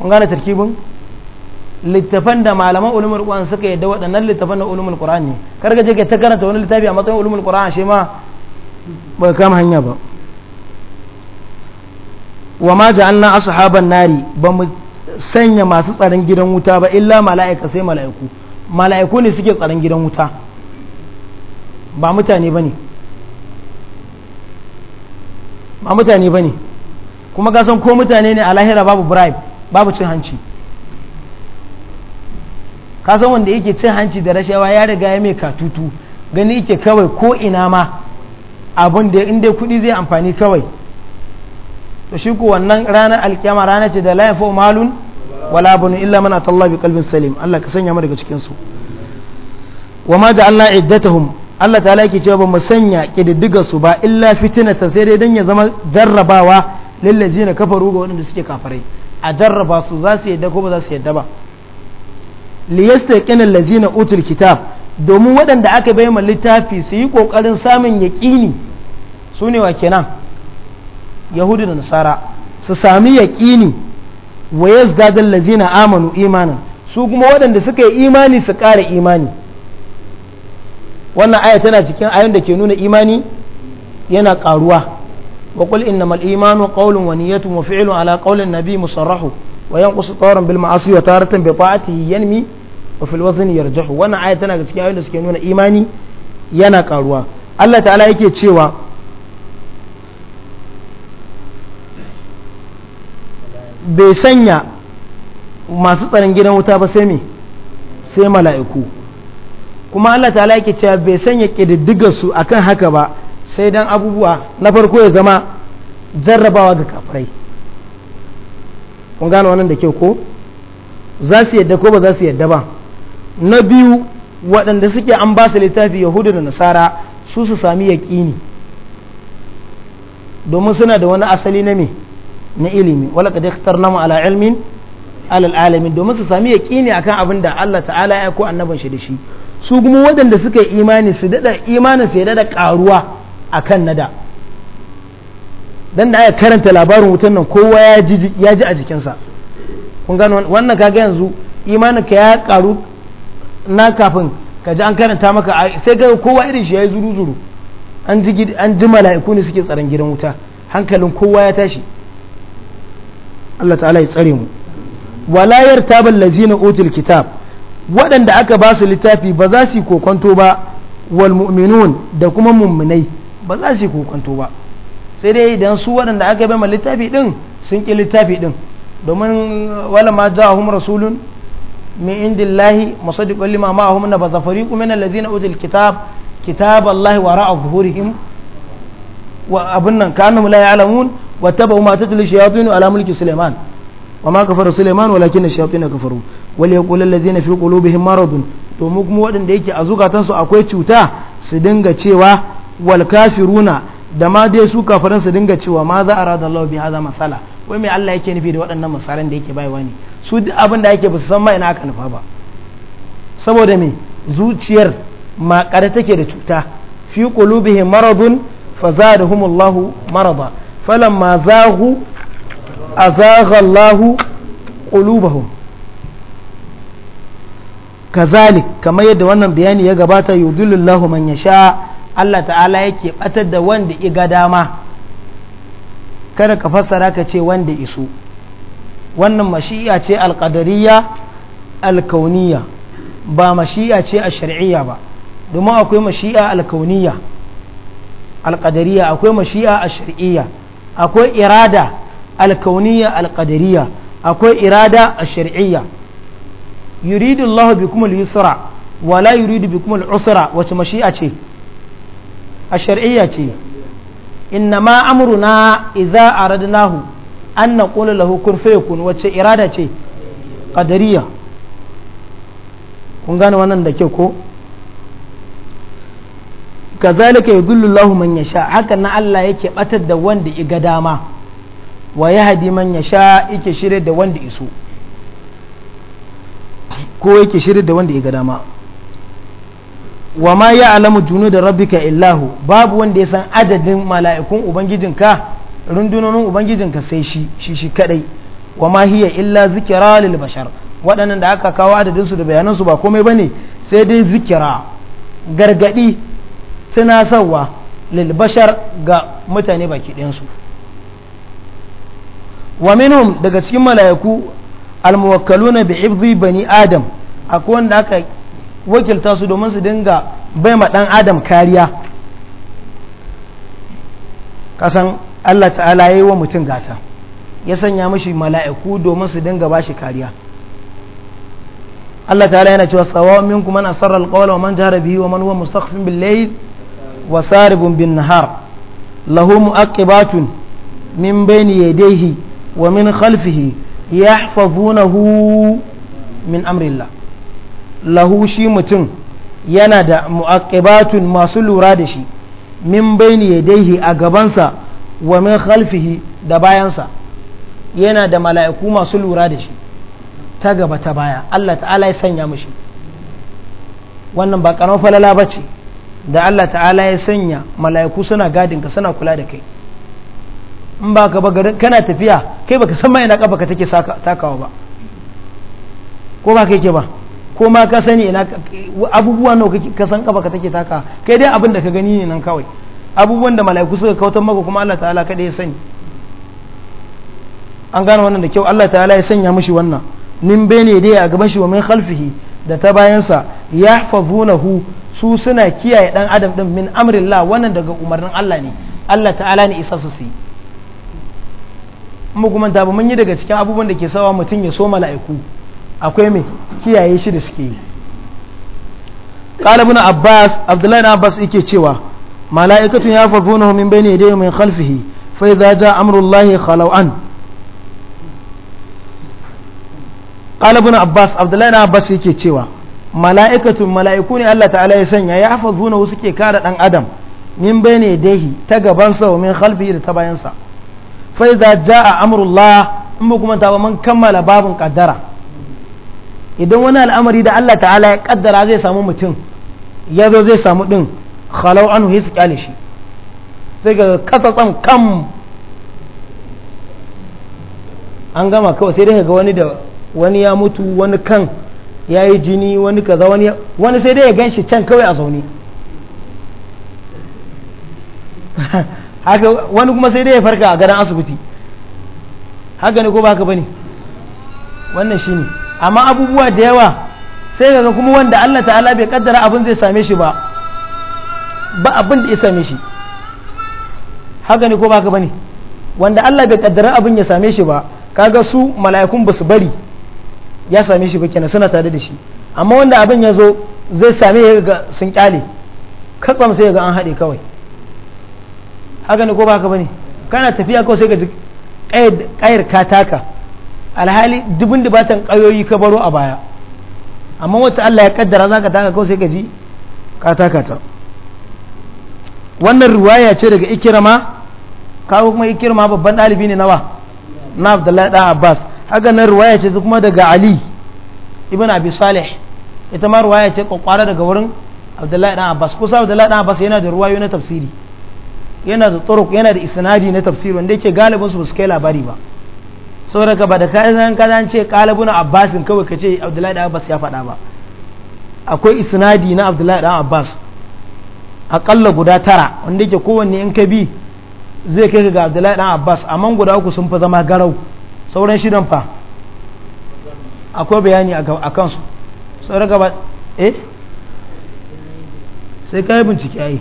kun gane tarkibin littafan da malaman ulumul qur'an suka yadda waɗannan littafan na ulumul qur'an ne kar ka je ka ta karanta wani littafi a matsayin ulumul qur'an shi ma ba kama hanya ba wa ma ja'alna ashaban nari ba mu sanya masu tsaron gidan wuta ba illa mala'ika sai mala'iku mala'iku ne suke tsaron gidan wuta ba mutane bane ba mutane bane kuma ka san ko mutane ne a lahira babu bribe babu cin hanci ka san wanda yake cin hanci da rashawa ya riga ya mai katutu gani yake kawai ko ina ma abin da inda kuɗi zai amfani kawai to shi ko wannan ranar alkiyama rana ce da layin malun wala bunu illa man atalla bi qalbin salim Allah ka sanya mu daga cikin su wa ma ja'alna iddatuhum Allah ta'ala yake cewa ba sanya kididdiga su ba illa fitnata sai dai dan ya zama jarrabawa lillazina kafaru ga waɗanda suke kafirai a jarraba su za su yadda ko ba za su yadda ba liyastaqina lazina utul kitab domin waɗanda aka bai ma littafi su yi ƙoƙarin samun yaƙini su ne wa kenan yahudu da nasara su sami yaƙini wa yazdadal lazina amanu imanin su kuma waɗanda suka yi imani su ƙara imani wannan aya tana cikin ayon da ke nuna imani yana ƙaruwa wa inna mal imanu qawlun wa niyyatun wa fi'lun ala qawlin nabi musarrahu wa yanqusu tawran bil ma'asi wa taratan bi ta'atihi yanmi wa fil wazni yarjahu wannan aya tana ga cikin ayoyin da suke nuna imani yana karuwa Allah ta'ala yake cewa bai sanya masu tsaron gidan wuta ba sai me sai mala'iku kuma Allah ta'ala yake cewa bai sanya ƙididdigar su akan haka ba sai dan abubuwa na farko ya zama jarrabawa ga kafirai kun gane wannan da kyau ko za su yadda ko ba za su yadda ba na biyu waɗanda suke an ba su littafi yahudu da nasara su su sami yaƙini domin suna da wani asali na me na ilimi wala dai nama ala ilmin alal alamin domin su sami yaƙini akan abin da Allah ta'ala ya ko annaban shi da shi su kuma waɗanda suka yi imani su dada imanin su ya dada karuwa akan nada dan da aka karanta labarin wutan nan kowa ya ji a jikinsa kun gano wannan kaga yanzu imanin ka ya karu na kafin ka ji an karanta maka sai ga kowa irin shi ya yi zuru-zuru an ji mala'iku ne suke tsaron gidan wuta hankalin kowa ya tashi Allah ta'ala ya tsare mu walayar tabar lazina otil kitab waɗanda aka ba su littafi ba za su yi kokonto ba wal mu'minun da kuma mummunai ba za su yi kokonto ba sai dai idan su waɗanda aka bai ma littafi ɗin sun ƙi littafi ɗin domin wala ma ja'ahum rasulun من عند الله مصدق لما معهم نبذ فريق من الذين أوتوا الكتاب كتاب الله وراء ظهورهم وأبنا كأنهم لا يعلمون واتبعوا ما تتلو الشياطين على ملك سليمان وما كفر سليمان ولكن الشياطين كفروا وليقول الذين في قلوبهم مرض domin kuma waɗanda yake a zukatansu akwai cuta su dinga cewa wal kafiruna da ma dai su kafirin su dinga cewa ma za a rada Allah bi hadha masala wai mai Allah yake nufi da waɗannan misalan da yake baiwa ne su duk abin da yake ba su san ma ina aka nufa ba saboda me zuciyar makare take da cuta fi qulubihim maradun fazadahum Allah marada falamma zahu azagha Allah qulubahum kazalik kamar yadda wannan bayani ya gabata yudillu Allah man yasha Allah ta'ala yake batar da wanda iga dama kada ka fassara ka ce wanda iso wannan mashi'a ce alƙadariya alkauniya ba mashi'a ce a shari'iyya ba domin akwai mashi'a alkauniya alƙadariya akwai mashi'a a shari'iyya akwai irada alkauniya alƙadariya akwai irada a shari'iyya yuridu Allah bikum al-yusra wala yuridu bikum al-usra wace mashi'a ce a shari'iyya ce innama amruna idza aradnahu an naqulu lahu kun fayakun wacce irada ce qadariya kun gane wannan da ke ko kazalika yudillu Allahu man yasha haka na Allah yake batar da wanda i iga dama wa yahdi man yasha yake shirye da wanda isu ko yake shirye da wanda i iga dama wa ma ya alamu junu da rabbika illahu babu wanda ya san adadin mala'ikun ubangijinka rundunonin ubangijinka sai shi shi shi kadai wa ma hiya illa zikira lil bashar waɗannan da aka kawo adadinsu da bayanansu ba komai ba ne sai dai zikira gargadi tunasarwa lil bashar ga mutane baki ɗayansu wa minhum daga cikin mala'iku almuwakkaluna bi ibdi bani adam akwai wanda aka wakilta su domin su dinga bai ma dan adam kariya kasan Allah ta'ala ya yi wa mutum gata ya sanya mashi mala'iku domin su dinga ba shi kariya Allah ta'ala yana cewa tsawon min kuma na sarar alƙawar wa man jihar wa man wa mustaqfin bin wa saribun bin nahar lahu mu'aqibatun min bayni yadayhi wa min khalfihi yahfazunahu min amrillah lahu shi mutum yana da mu'aqqibatun masu lura da shi min baini yadaihi a gabansa wa min khalfihi da bayansa yana da mala'iku masu lura da shi ta gaba ta baya Allah ta'ala ya sanya mishi wannan ba karamar falala ba da Allah ta'ala ya sanya mala'iku suna gadinka suna kula da kai in ba ka ba kana tafiya kai baka san ma ina kafa ka take takawa ba ko ba ka ke ba ko ma ka sani ina abubuwa nawa ka san kafa ka take taka kai dai abin da ka gani ne nan kawai abubuwan da mala'iku suka kautar maka kuma Allah ta'ala kada ya sani an gane wannan da kyau Allah ta'ala ya sanya mushi wannan nin bene dai a gaban shi wa min khalfihi da ta bayansa fazunahu su suna kiyaye dan adam din min amrillah wannan daga umarnin Allah ne Allah ta'ala ne isa su su mu kuma da mun yi daga cikin abubuwan da ke sawa mutum ya so mala'iku akwai mai kiyaye shi da suke yi qala ibn abbas abdullahi ibn abbas yake cewa mala'ikatu min bai yadayhi abbas abdullahi abbas yake cewa mala'iku ne Allah ta'ala ya sanya yafafunahu ke kare ɗan adam min bayni yadayhi ta gabansa wa min khalfihi da ta bayansa fa idza jaa amrullah in ba kuma ta ba mun kammala babun ƙaddara idan wani al'amari da Allah ta'ala ya kaddara zai samu mutum ya zo zai samu din khalau anu his kyale shi sai ga katsatsan kam an gama kawai sai dai ga wani da wani ya mutu wani kan ya yi jini wani kaza wani wani sai dai ya gan shi can kawai a zaune *laughs* haka wani kuma sai dai ya farka a gadon asibiti haka ne ko ba haka bane wannan shine ne amma abubuwa da yawa sai ga kuma wanda Allah ta'ala bai kaddara abin zai same shi ba ba abin da ya same shi haka ne ko ba haka bane wanda Allah bai kaddara abin ya same shi ba kaga su mala'ikun ba su bari ya same shi ba kenan suna tare da shi amma wanda abin ya zo zai same ya ga sun kyale katsam sai ga an haɗe kawai haka ne ko ba haka bane kana tafiya kawai sai ga kayar kataka alhali dubin dubatan kayoyi ka baro a baya amma wacce Allah ya kaddara za ka taka kawai sai ka ji katakata wannan ruwaya ce daga ikirama kawo kuma ikirama babban ɗalibi ne nawa na abdullahi ɗan abbas haka nan ruwaya ce kuma daga ali ibn abi salih ita ma ruwaya ce kwakwara daga wurin abdullahi ɗan abbas kusa abdullahi ɗan abbas yana da ruwayo na tafsiri yana da turuk yana da isnadi na tafsiri wanda yake galibinsu ba su kai labari ba saboda ba da kayan kaza ce kalabuna abbasin kawai ka ce abdullahi da abbas ya faɗa ba akwai isnadi na abdullahi da abbas aƙalla guda tara wanda yake kowanne in ka bi zai kai ka ga abdullahi da abbas amma guda uku sun fi zama garau sauran shidan fa akwai bayani a kansu saboda ba eh sai ka yi bincike yi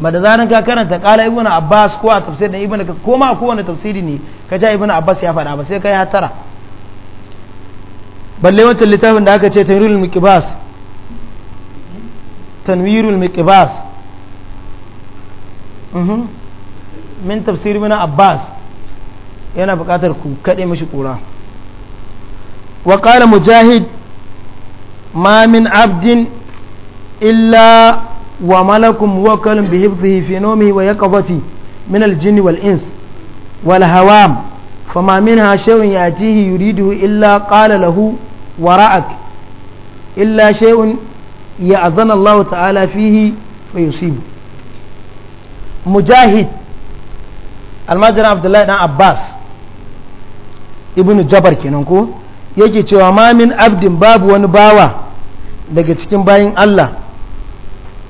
mada zanen ka karanta kala ibn abbas ko a tafsir da ibn ko ma ko wani tafsiri ne ka ja ibn abbas ya faɗa ba sai kai tara balle wancan littafin da aka ce tanwirul miqbas tanwirul miqbas mhm min tafsir ibn abbas yana buƙatar ku kade mishi kura wa qala mujahid ma min abdin illa wa malakun muwakalin bihi fi fenomi wa ya kabati min aljini wal ins wal hawam fama min hashewin ya tihi yuridu illa ƙala lahu wa illa shewin ya azan Allah ta'ala fihi fa yusibu mujahid almajirin abdullahi dan abbas ibn jabar kenan ko yake cewa ma min abdin babu wani bawa daga cikin bayan Allah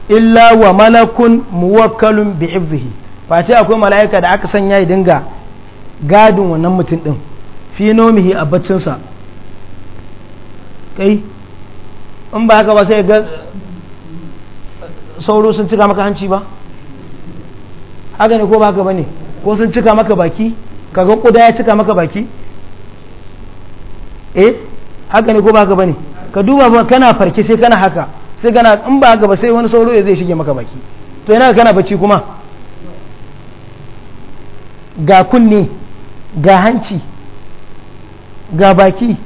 illa wa malakun muwakkalun bi ibdihi face akwai mala'ika da aka sanya ya dinga gadin wannan mutum din fi nomihi a baccinsa kai in ba haka ba sai ga sauro sun cika maka hanci ba haka ne ko ba haka ba ne ko sun cika maka baki kaga kuda ya cika maka baki eh haka ne ko ba haka ba ne ka duba ba kana farki sai kana haka sai gana in ba gaba sai wani sauro ya zai shige maka baki to yana kana bacci kuma ga kunne ga hanci ga baki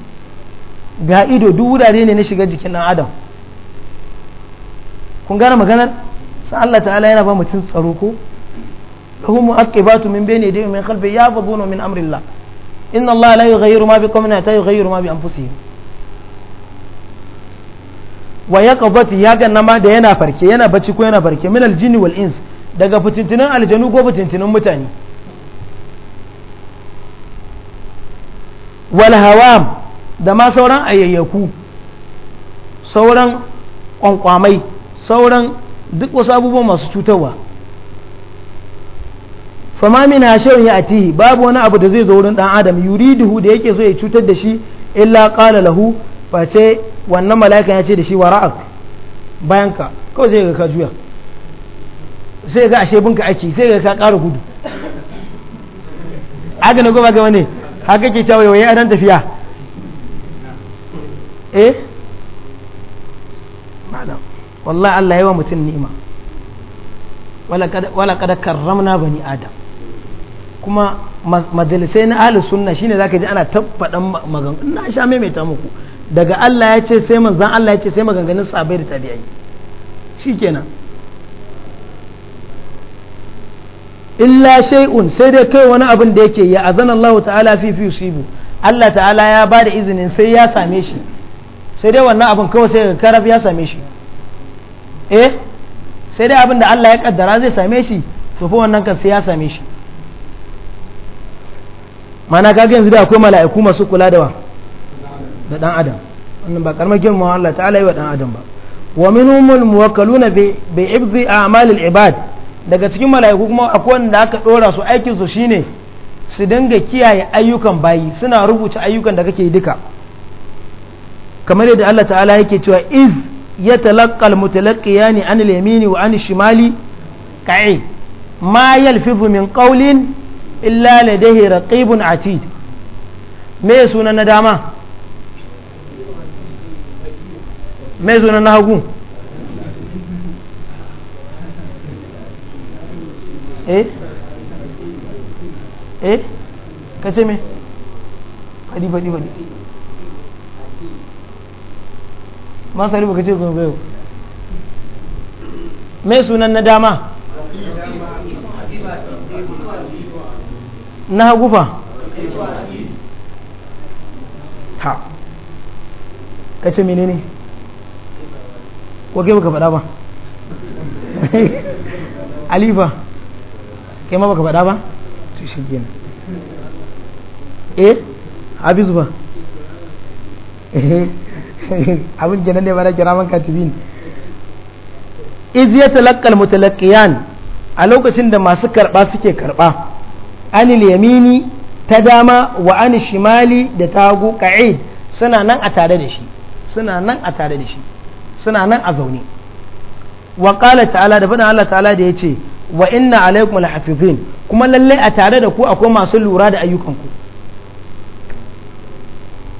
ga ido duk wurare ne na shiga jikin ɗan adam kun gane maganar sai Allah ta'ala yana ba mutum tsaro ko lahum mu'aqibatu min bayni yadayhi min khalfi yafaduna min amrillah inna Allah la yughayyiru ma biqawmin hatta yughayyiru ma bi anfusihim wa ya kabbati ya ga nama da yana farke yana bacci ko yana farke min aljini wal ins daga fitintinin aljanu ko fitintinin mutane wal hawam da ma sauran ayayyaku sauran kwankwamai sauran duk wasu abubuwa masu cutarwa fama min hashirin ya atihi babu wani abu da zai zo wurin dan adam yuriduhu da yake so ya cutar da shi illa qala lahu face wannan mala'ika ya ce da shi wara'ak bayan ka kawai sai ga ka juya sai ga ashe binka aiki sai ga ka ƙara gudu aga na goma gama ne haka ke cewa yawai adan tafiya eh ma'adam wallah Allah yawa mutum ni'ima wala kada karramna bani adam kuma majalisai na ahlus sunna shine zaka ji ana tabbadan magan na sha maimaita muku daga Allah ya ce sai manzan Allah ya ce sai maganganun sabai da tabi'ai kenan illa shay'un sai dai kai wani abin da yake ya azana Allah ta'ala fi fi yusibu Allah ta'ala ya ba da izinin sai ya same shi sai dai wannan abin kawai sai karaf ya same shi eh sai dai abin da Allah ya kaddara zai same shi to fa wannan kan sai ya same shi mana kaga yanzu da akwai mala'iku masu kula da wa da dan adam wannan ba karamar girmama Allah ta'ala yi wa dan adam ba wa minhumul muwakkaluna bi ibdi a'malil ibad daga cikin mala'iku kuma akwai wanda aka dora su aikin su shine su dinga kiyaye ayyukan bayi suna rubuta ayyukan da kake duka kamar yadda Allah ta'ala yake cewa iz yatalaqqal mutalaqiyani al yamini wa an shimali ka'i ma yalfifu min qawlin illa ladayhi raqibun atid me sunan na dama mai na nahagu eh eh kace me faɗi faɗi faɗi ma sai ba kace kuma bayo me sunan na dama na hagu ta kace menene ne ko ke baka faɗa ba alifa ke ma baka faɗa ba to shi ne eh hafizu ba eh, abin kenan ne ba da kira man katibin iz ya talakkal mutalaqqiyan a lokacin da masu karba suke karba anil yamini ta dama wa anil shimali da tagu qa'id suna nan a tare da shi suna nan a tare da shi suna nan a zaune wa qala ta'ala da faɗin Allah ta'ala da yace wa inna alaikum alhafizin kuma lalle a tare da ku akwai masu lura da ayyukanku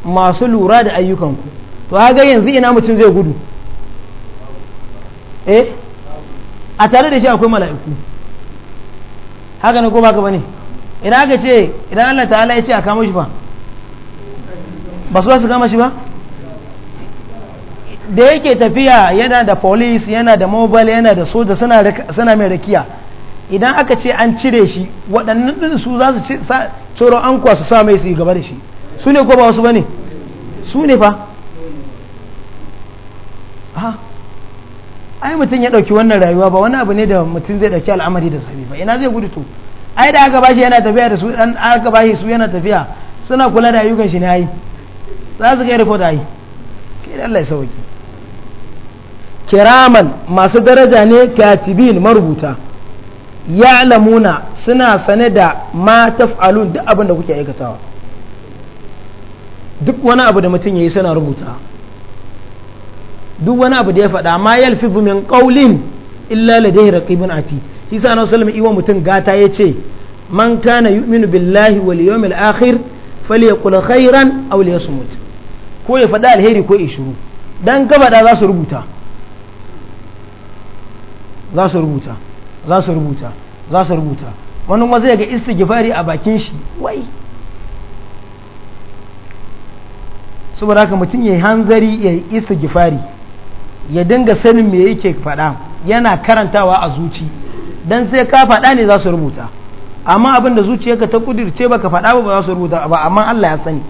masu lura da ayyukanku to ga yanzu ina mutum zai gudu eh a tare da shi akwai mala'iku haka ne ko baka bane idan aka ce idan Allah ta'ala ya ce a kama shi ba ba su ba su kama shi ba da yake tafiya yana da police yana da mobile yana da soja suna mai rakiya idan aka ce an cire shi waɗannan ɗin su za su tsoro an kwasu sa mai su gaba da shi su ne ko ba wasu ba ne su ne fa ai mutum ya ɗauki wannan rayuwa ba wani abu ne da mutum zai ɗauki al'amari da sami ba ina zai gudu to ai da aka bashi yana tafiya da su an aka bashi su yana tafiya suna kula da ayyukan shi ne ai za su kai report ai kai Allah ya sauki kiraman masu daraja ne katibin marubuta ya lamuna suna sane da ma taf'alun duk abin da kuke aikatawa duk wani abu da mutum ya yi suna rubuta duk wani abu da ya faɗa ma yalfifu min qawlin illa ladayhi raqibun ati isa na sallama iwa mutum gata yace man kana yu'minu billahi wal yawmil akhir falyaqul khairan aw liyasmut ko ya faɗa alheri ko ya shiru dan gaba da za su rubuta za su rubuta za su rubuta za su rubuta wani kuma zai ga istighfari a bakin shi wai saboda haka mutum ya yi hanzari ya yi istighfari ya dinga sanin me yake faɗa yana karantawa a zuci dan sai ka faɗa ne za su rubuta amma abin da zuciyarka ta kudirce ka faɗa ba ba za su rubuta ba amma Allah ya sani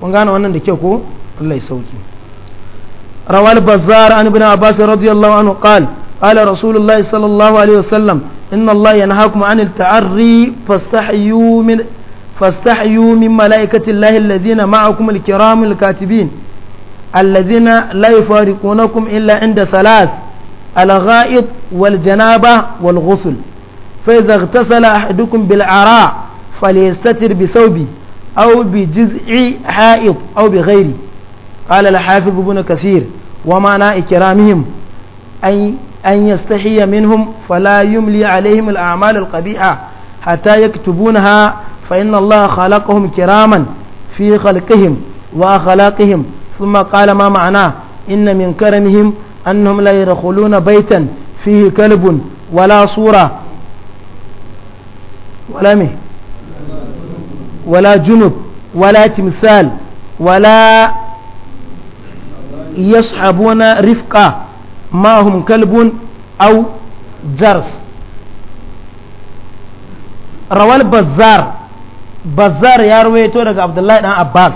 kun gane wannan da kyau ko Allah ya sauki روى البزار عن ابن عباس رضي الله عنه قال قال رسول الله صلى الله عليه وسلم إن الله ينهاكم عن التعري فاستحيوا من فاستحيوا من ملائكة الله الذين معكم الكرام الكاتبين الذين لا يفارقونكم إلا عند ثلاث الغائط والجنابة والغسل فإذا اغتسل أحدكم بالعراء فليستتر بثوبه أو بجزء حائط أو بغيره قال الحافظ ابن كثير ومعنى إكرامهم أي أن يستحي منهم فلا يملي عليهم الأعمال القبيحة حتى يكتبونها فإن الله خلقهم كراما في خلقهم وأخلاقهم ثم قال ما معناه إن من كرمهم أنهم لا يدخلون بيتا فيه كلب ولا صورة ولا مه ولا جنب ولا تمثال ولا yashabuna rifqa ma hum kalbun aw rawal bazzar bazzar ya ruwaito daga abdullahi dan abbas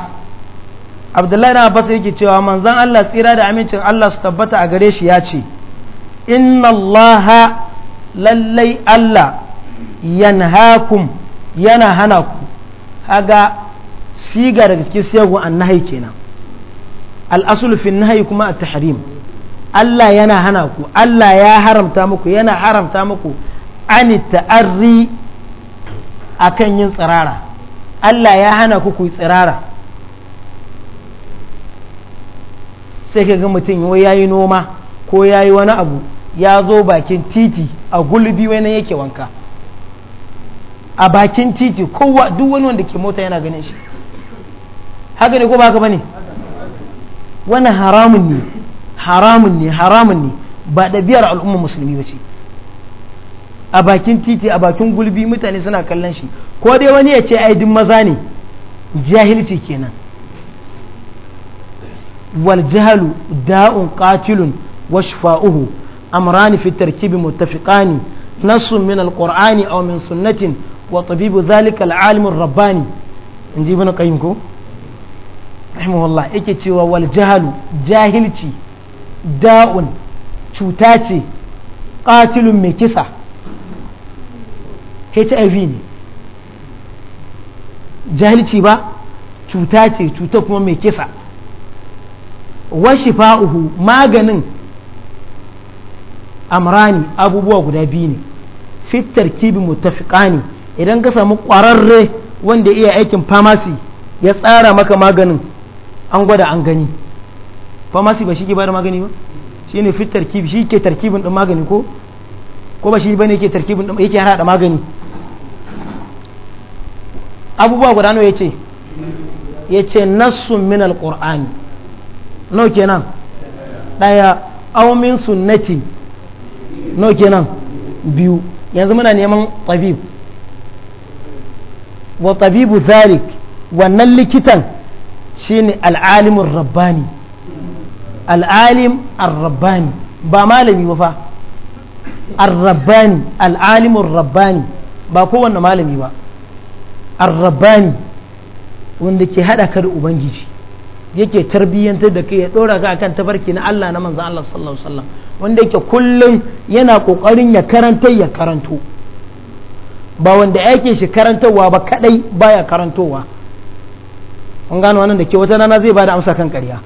abdullahi dan abbas yake cewa manzon Allah tsira da amincin Allah su tabbata a gare shi ya ce inna allaha lallai Allah yanhakum yana hana ku haga siga daga cikin siyagun annahi kenan al'asul fi haiku kuma a tahrim Allah yana hana ku Allah ya haramta muku yana haramta muku an ta'arri akan yin tsirara Allah ya hana ku ku yi tsirara sai ka ga mutum ya yi noma ko ya yi wani abu ya zo bakin titi a gulbi wani yake wanka a bakin titi kowa duk wani wanda ke mota yana ganin shi haka ne ko ba ka bane wani haramun ne haramun ne haramun ne ba ɗabi'ar al'ummar musulmi ba ce a bakin titi a bakin gulbi mutane suna kallon shi ko dai wani ya ce aidin duk maza ne jahilci kenan wal jahalu da'un qatilun washfa'uhu amrani fi tarkibi muttafiqani nassun min alqur'ani aw min sunnatin wa tabibu dhalika al rabbani inji ibn qayyim ko Allah yake cewa wal jahalu jahilci da'un cuta ce qatilun mai kisa HIV ne jahilci ba cuta ce cuta kuma mai kisa wa shifa'uhu maganin amrani abubuwa guda biyu ne fitar kibi mutafiƙani idan ka samu ƙwararre wanda iya aikin famasi ya tsara maka maganin an gwada an gani pharmacy ba shi ke bada magani ba shi ne fit tarkib shi ke tarkibin ɗin magani ko ko ba shi bane ke tarkibin ɗin yake hada magani abubuwa guda nawa ya ce ya ce nassun min alqur'ani no kenan ɗaya aw min sunnati no kenan biyu yanzu muna neman tabib wa tabibu zalik wannan likitan shine al'alimin rabbani al'alim ar-rabbani ba malami ba fa ar-rabbani al'alimin rabbani ba kowanne malami ba ar-rabbani wanda ke haɗa ka da ubangiji yake tarbiyyantar da kai ya ɗora ka akan tafarki na Allah na manzo Allah sallallahu alaihi wasallam wanda yake kullum yana ƙoƙarin ya karanta ya karanto ba wanda yake shi karantarwa ba kadai baya karantowa an gano wannan da ke wata rana zai bada amsa kan ƙarya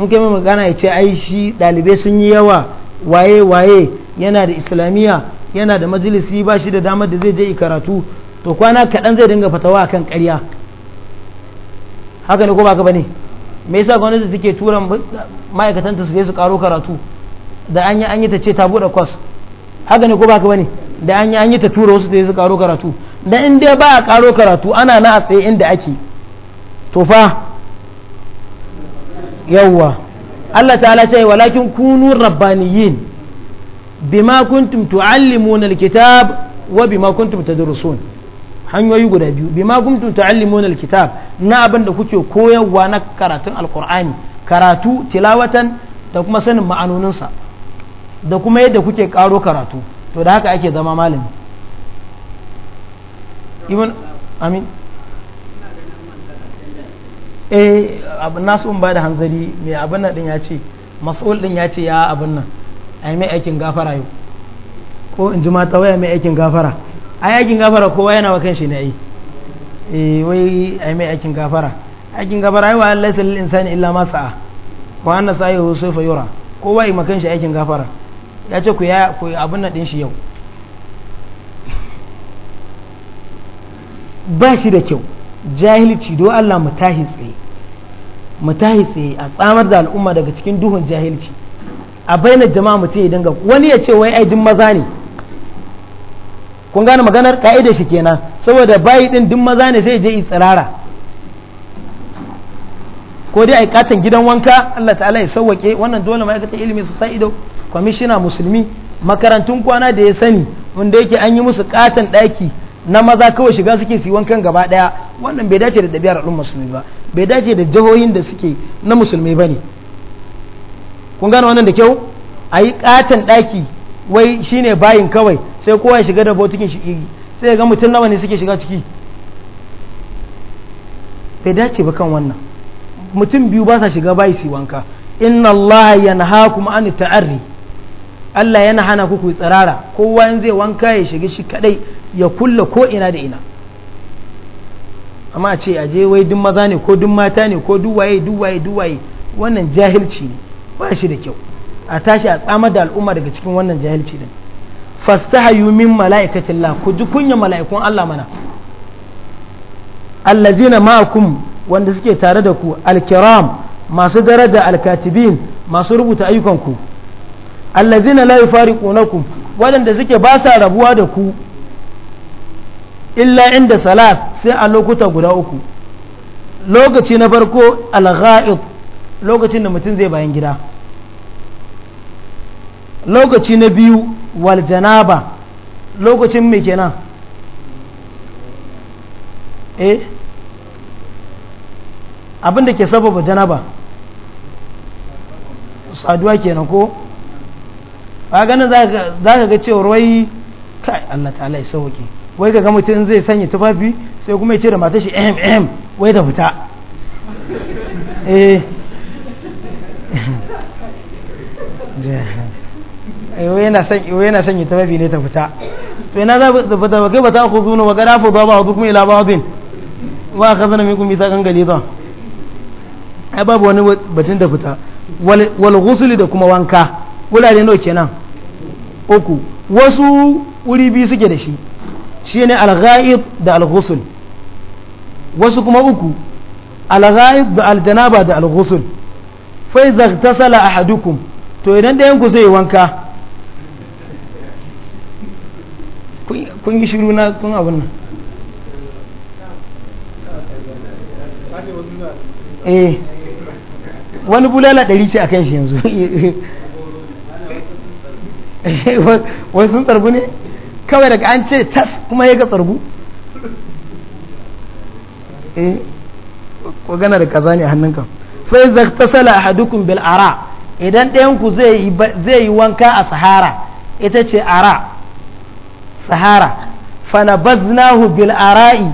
in kai mai magana ya ce ai shi ɗalibai sun yi yawa waye waye yana da islamiyya yana da majalisi ba shi da damar da zai je karatu to kwana kaɗan zai dinga fatawa kan ƙarya haka ne ko ba ka bane me yasa gwamnati take tura ma'aikatan ta su je su karo karatu da an yi an yi ta ce ta bude kwas haka ne ko ba ka bane da an yi an yi ta tura wasu su je su karo karatu da in dai ba a karo karatu ana na a tsaye inda ake tufa fa yawwa Allah ta'ala ce walakin kunu rabbaniyin bima kuntum tu'allimuna alkitab wa bima kuntum tadrusun hanyoyi guda biyu bima kuntum tu'allimuna alkitab na abin da kuke koyarwa na karatun alqur'ani karatu tilawatan da kuma sanin sa da kuma yadda kuke karo karatu to da haka ake zama malami ibn amin eh abin nasu ba da hanzari mai abin nan din ya ce mas'ul din ya ce ya abin nan ai mai aikin gafara yau ko in ji mata waya mai aikin gafara ai aikin gafara kowa yana wa kanshi ne ai eh wai ai mai aikin gafara aikin gafara ai wa laysa lil insani illa ma sa'a wa anna sa'ihi sufa yura kowa yi makan shi aikin gafara ya ce ku ya ku abin nan din shi yau ba shi da kyau jahilci do Allah mu tahi tsaye mu tahi tsaye a tsamar da al'umma daga cikin duhun jahilci a baina jama'a mutum ya dinga wani ya ce wai ai din maza ne kun gane maganar ka'ida shi kenan saboda bayi din din maza ne sai je yi tsirara ko dai aikatan gidan wanka Allah ta'ala ya sauwake wannan dole ma'aikata ilimi su sa ido kwamishina musulmi makarantun kwana da ya sani wanda yake an yi musu katon ɗaki na maza kawai shiga suke su wankan gaba daya wannan bai dace da ɗabi'ar al'ummar musulmi ba bai dace da jihohin da suke na musulmi ba ne kun gane wannan da kyau a yi katon ɗaki wai shine bayin kawai sai kowa ya shiga da botikin shi iri sai ga mutum nawa ne suke shiga ciki bai dace ba kan wannan mutum biyu ba sa shiga bayi su wanka inna allaha yanhaakum an ta'arri Allah yana hana ku ku tsirara kowa in zai wanka ya shiga shi kadai ya kulla ko ina da ina amma a ce a je wai duk maza ne ko duk mata ne ko duk waye duk waye duk waye wannan jahilci ne ba shi da kyau a tashi a tsamar da al'umma daga cikin wannan jahilci din fastahayu min la ku ji kunya mala'ikun Allah mana allazina ma'akum wanda suke tare da ku alkiram masu daraja alkatibin masu rubuta ayyukan ku allazina la yufariqunakum waɗanda suke ba sa rabuwa da ku illa inda salat sai a lokuta guda uku lokaci na farko al lokacin da mutum zai bayan gida lokaci na biyu wal janaba lokacin mai kenan eh abin da ke sababa janaba saduwa kenan ko a ganin za ka ga cewar wai kai Allah ta'ala ya sauke wai ga in zai sanya tufafi sai kuma ya ce da matashi ehem ehem wai da fita *laughs* eh, *laughs* eh yana sanya tufafi ne ta fita to ina za ta fita kai ba ta ku zuwa wa gara fa ba ba duk mai labarin wa ka zana mai kuma isa gali ba ai babu wani batun da fita wal ghusli da kuma wanka wurare nawa kenan uku wasu wuri biyu suke da shi shine al-ghaib da al-ghusl wasu kuma uku al da al-janaba da al-ghusl fa idza ihtasala ahadukum to idan ɗayan ku zai wanka kun yi shiru na kun abin nan eh wani bulala ɗari ce a kan shi yanzu *laughs* wai sun tsargu ne kawai daga an ce tas kuma ya ga tsargu eh gana da kaza ne a hannunka fai zaktasala ahadukum bil ara idan ɗayanku zai yi wanka a sahara ita ce ara sahara fanabaznahu bil ara'i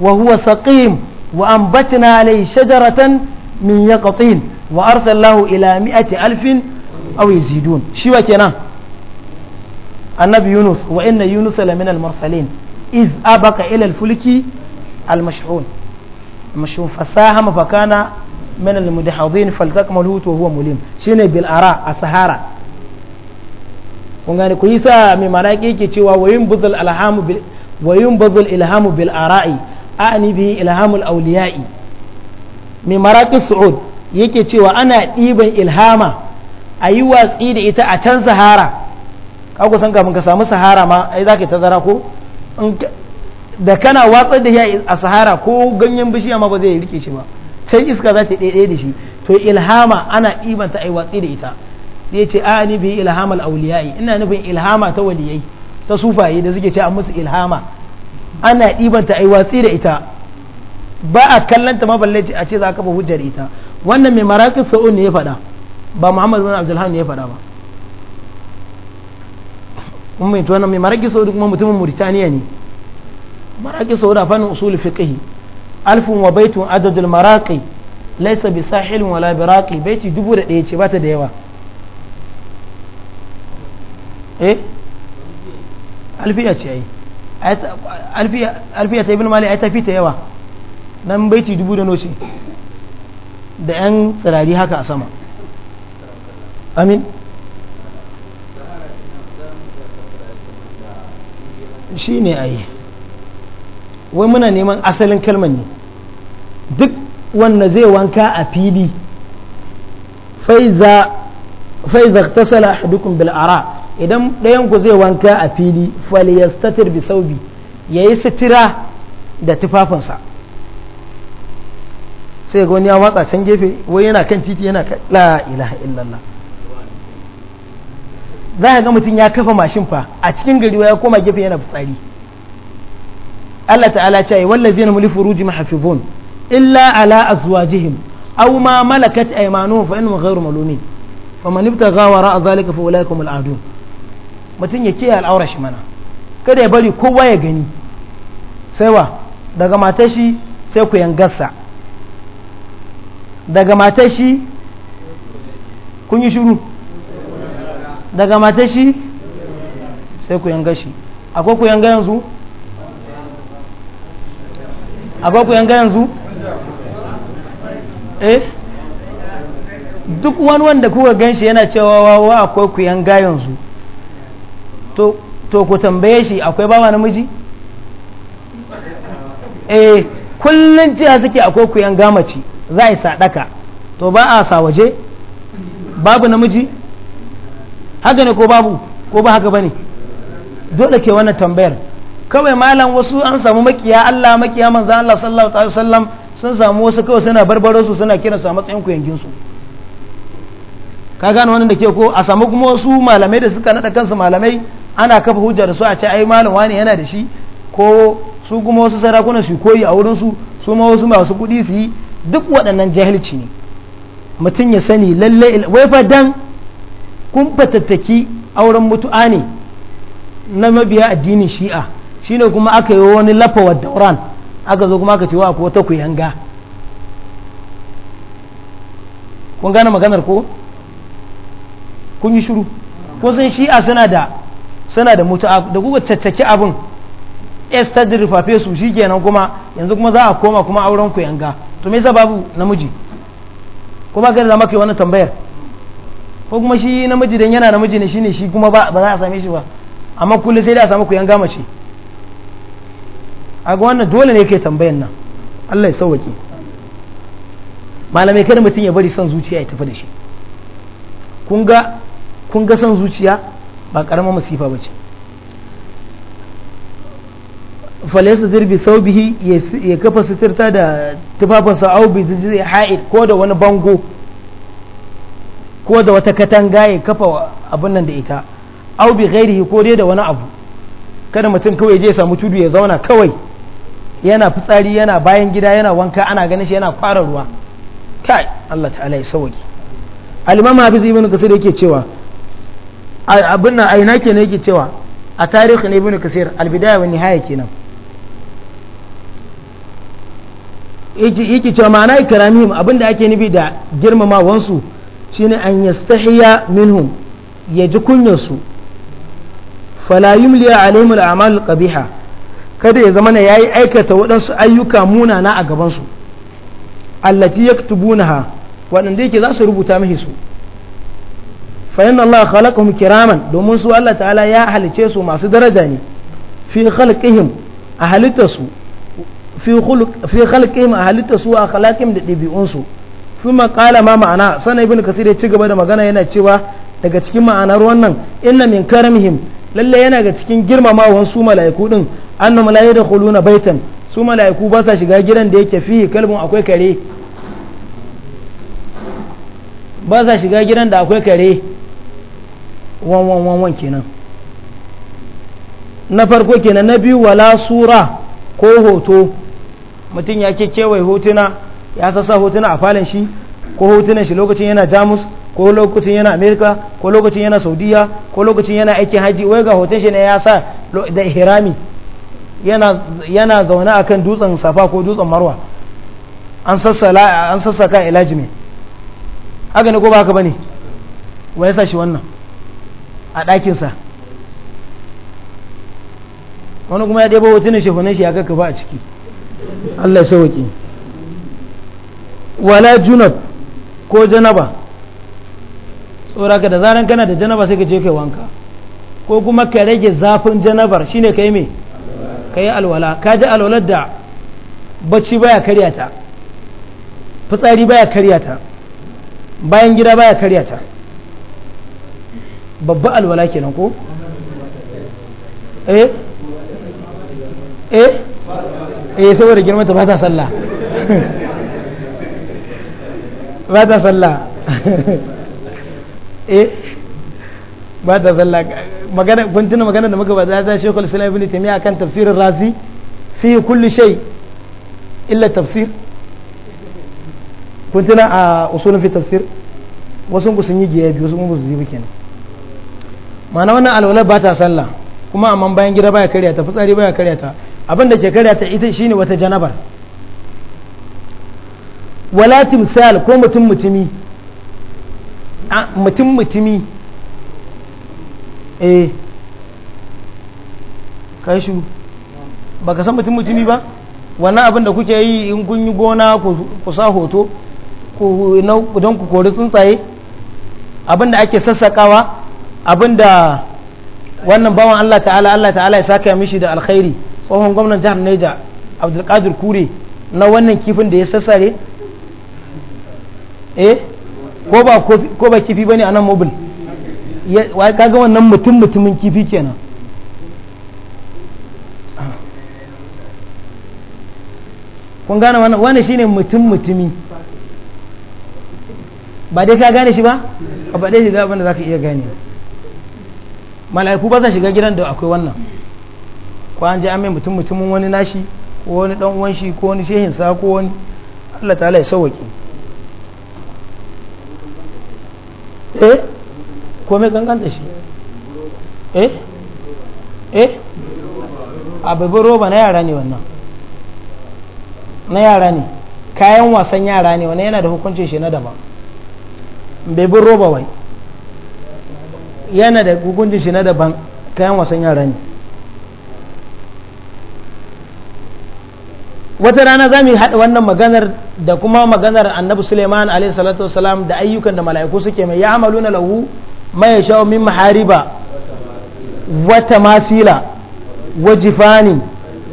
wa huwa saqim wa ambatna alayhi shajaratan min yaqtin wa arsalnahu ila mi'ati alfin aw yazidun shi wa kenan annabi yunus wa inna yunus lamin al-mursalin iz abaka ila al-fulki al-mashhun mashhun fasahama fa kana min al-mudahidin faltaqama al-hut wa huwa mulim shine bil ara as-sahara kun gane ku yasa mai maraki yake cewa wayun budul alhamu bil wayun budul ilhamu bil ara'i a'ni bihi ilhamul awliya'i mai maraki su'ud yake cewa ana ɗiban ilhama a yi watsi da ita a can sahara ka kusan kafin ka samu sahara ma ai za ka yi tazara ko da kana watsar da shi a sahara ko ganyen bishiya ma ba zai rike shi ba sai iska za ta ɗaiɗaya da shi to ilhama ana ibanta ai watsi da ita ya ce a ni bi ilhamal auliyai ina nufin ilhama ta waliyai ta sufaye da suke ce a musu ilhama ana ibanta ai watsi da ita ba a kallanta ma a ce za ka ba hujjar ita wannan mai marakin sa'un ne ya faɗa ba muhammad bin abdulhamid ne ya faɗa ba mun mai tuwa mai maraki saudi kuma mutumin mauritaniya ne maraki sau da fannin usul fiqhi alfun wa baitun adadul maraqi laisa bi sahilin wala biraqi baiti dubu da ɗaya ce ba ta da yawa eh alfiya ce ai alfiya ta ibn mali ai tafi ta yawa nan baiti dubu da noce da yan tsirari haka a sama amin shi ne a yi wai muna neman asalin kalmar ne duk wanda zai wanka a fili faiza tasala ahadukum bil ara idan ɗayanku zai wanka a fili falyastatir bi saubi yi sitira da tufafinsa sai ga wani ya watsa can gefe wai yana kan titi yana la ilaha illallah za a ga mutum ya kafa mashin fa a cikin gari ya koma gefe yana fitsari Allah ta'ala ce ai na mulifu furuji hafizun illa ala azwajihim aw ma malakat aymanuhum fa innahum ghayru malumin faman ibtagha wara zalika fa ulaikum al'adun mutum ya al'aura shi mana kada ya bari kowa ya gani sai wa daga matar sai ku yangarsa daga matar kun yi shiru daga mata shi sai ku yanga shi akwai ku yanga yanzu akwai ku yanga yanzu eh duk wani wanda kuka gan shi yana cewa wawa akwai ku yanga yanzu to ku tambaye shi akwai bawa namiji eh kullum jiya suke akwai ku yanga mace za a yi sadaka to ba a sa waje babu namiji haka ne ko babu ko ba haka bane dole ke wannan tambayar kawai malam wasu an samu makiya Allah makiya manzo Allah sallallahu alaihi wasallam sun samu wasu kawai suna barbaro su suna kiran su a matsayin yankin su ka gane wannan da ke ko a samu kuma wasu malamai da suka nada kansu malamai ana kafa hujja da su a ce ai malam wani yana da shi ko su kuma wasu sarakuna su koyi a wurin su su ma wasu masu kuɗi su yi duk waɗannan jahilci ne mutum ya sani lalle wai fa dan kun fatattaki auren mutu'a ne na mabiya addinin shi'a shine kuma aka yi wani lafawa dauran aka zo kuma aka ce wa ko ta ku yanga kun gane maganar ko kun yi shiru ko sun shi'a suna da suna da mutu'a da kuka caccaki abin esther da rufafe su shikenan kuma yanzu kuma za a koma kuma auren ku yanga to me yasa babu namiji kuma ga da maka yi wannan tambayar ko kuma shi namiji dan yana namiji ne shine shi kuma ba za a same shi ba amma kulle sai dai a samu ku yanga mace a ga wannan dole ne ke tambayan nan Allah ya sauwaki malamai kada mutum ya bari son zuciya ya tafi da shi kun ga son zuciya ba karama masifa ba ce falesa sau bihi ya kafa sitirta da tufafinsa au bi ha'id ko da wani bango ko da wata katanga ya kafa abin nan da ita au bi ghairihi ko dai da wani abu kada mutum kawai je ya samu tudu ya zauna kawai yana fitsari yana bayan gida yana wanka ana ganin shi yana fara ruwa kai Allah ta'ala ya sauki al-imam Hafiz ibn Kathir yake cewa abin nan aina ke ne yake cewa a tarihin ibn Kathir al-bidaya wa nihaya kenan yake cewa ma'ana ikramihim abin da ake nufi da girmamawansu shine an yastahiya minhum ya ji kunyarsu fala yumliya alaihim al'amal qabiha kada ya zama ya yi aikata waɗansu ayyuka munana a gabansu allati yaktubunaha waɗanda yake za su rubuta mahi su fa inna Allah khalaqahum kiraman domin su Allah ta'ala ya halice su masu daraja ne fi khalqihim a halitta su fi khalqihim a halitta su a khalaqihim da ɗabi'unsu thumma qala ma ma'ana sanan ibn kathir ya ci gaba da magana yana cewa daga cikin ma'anar wannan inna min karamihim lalle yana ga cikin girmamawan su mala'iku din annam la yadkhuluna baitan su mala'iku ba sa shiga gidan da yake fi kalbun akwai kare ba sa shiga gidan da akwai kare wan wan wan wan kenan na farko kenan na biyu wala sura ko hoto mutum ya ke kewaye hotuna ya sassa hotuna a falon shi ko hotunan shi lokacin yana jamus ko lokacin yana amerika ko lokacin yana saudiya ko lokacin yana aikin haji wai ga hoton shi ne ya sa da hirami yana zaune akan dutsen safa ko dutsen marwa an sassa ka ilaji ne haka ne ko ba haka ba ne wa ya sa shi wannan a ɗakinsa wani kuma ya ba hotunan shi hunan shi ya kakka ba a ciki allah ya sauwaƙi wala junub ko janaba tsoraka da zaran kana da janaba sai ka je kai wanka ko kuma ka rage zafin janabar shine ka yi me ka yi alwala ka ji alwalar da bacci baya karya ta fitsari baya karya ta bayan gida baya karya ta babba alwala kenan ko eh eh eh saboda girmanta ba ta sallah *laughs* ba ta sallah *laughs* eh, ba ta sallah magana kun tuna magana da muka bada ta shekul islam ibn taymiya kan tafsirin razi fi kulli shay illa tafsir kun tuna a usulun fi tafsir wasu ku sun yi giya biyu wasu ku su yi ba kenan ma'ana wannan alwala ba ta sallah kuma amma bayan gida baya karyata fitsari baya karyata abin da ke karyata ita shine wata janabar wala timsal ko mutum mutumi mutum mutumi eh kai shu baka san mutum mutumi ba wannan abin da kuke yi in kun yi gona ku sa hoto don ku kori tsuntsaye abin da ake sassakawa abin da wannan bawan Allah ta'ala Allah ta'ala ya saka mishi da alkhairi tsohon gwamnan jihar Neja Abdulkadir Kure na wannan kifin da ya sassare eh ko ba kifi bane anan mobil wai kaga wannan mutum mutumin kifi kenan kun gane wannan wani shine mutum mutumi ba dai ka gane shi ba a ba dai shiga abinda za ka iya gane mala'iku ba za shiga gidan da akwai wannan ko an je an mai mutum mutumin wani nashi ko wani dan uwan shi ko wani shehin sa ko wani Allah ta'ala ya sauwake eh komai ganganta shi eh eh a babban roba na yara ne wannan na yara ne kayan wasan yara ne wannan yana da hukuncin shi na daban bin roba wai yana da hukuncin shi na daban kayan wasan yara ne wata rana za mu haɗa wannan maganar da kuma maganar annabi suleiman alaihi salatu wasalam da ayyukan da mala'iku suke mai ya amaluna lahu ma yashau min mahariba wata masila wa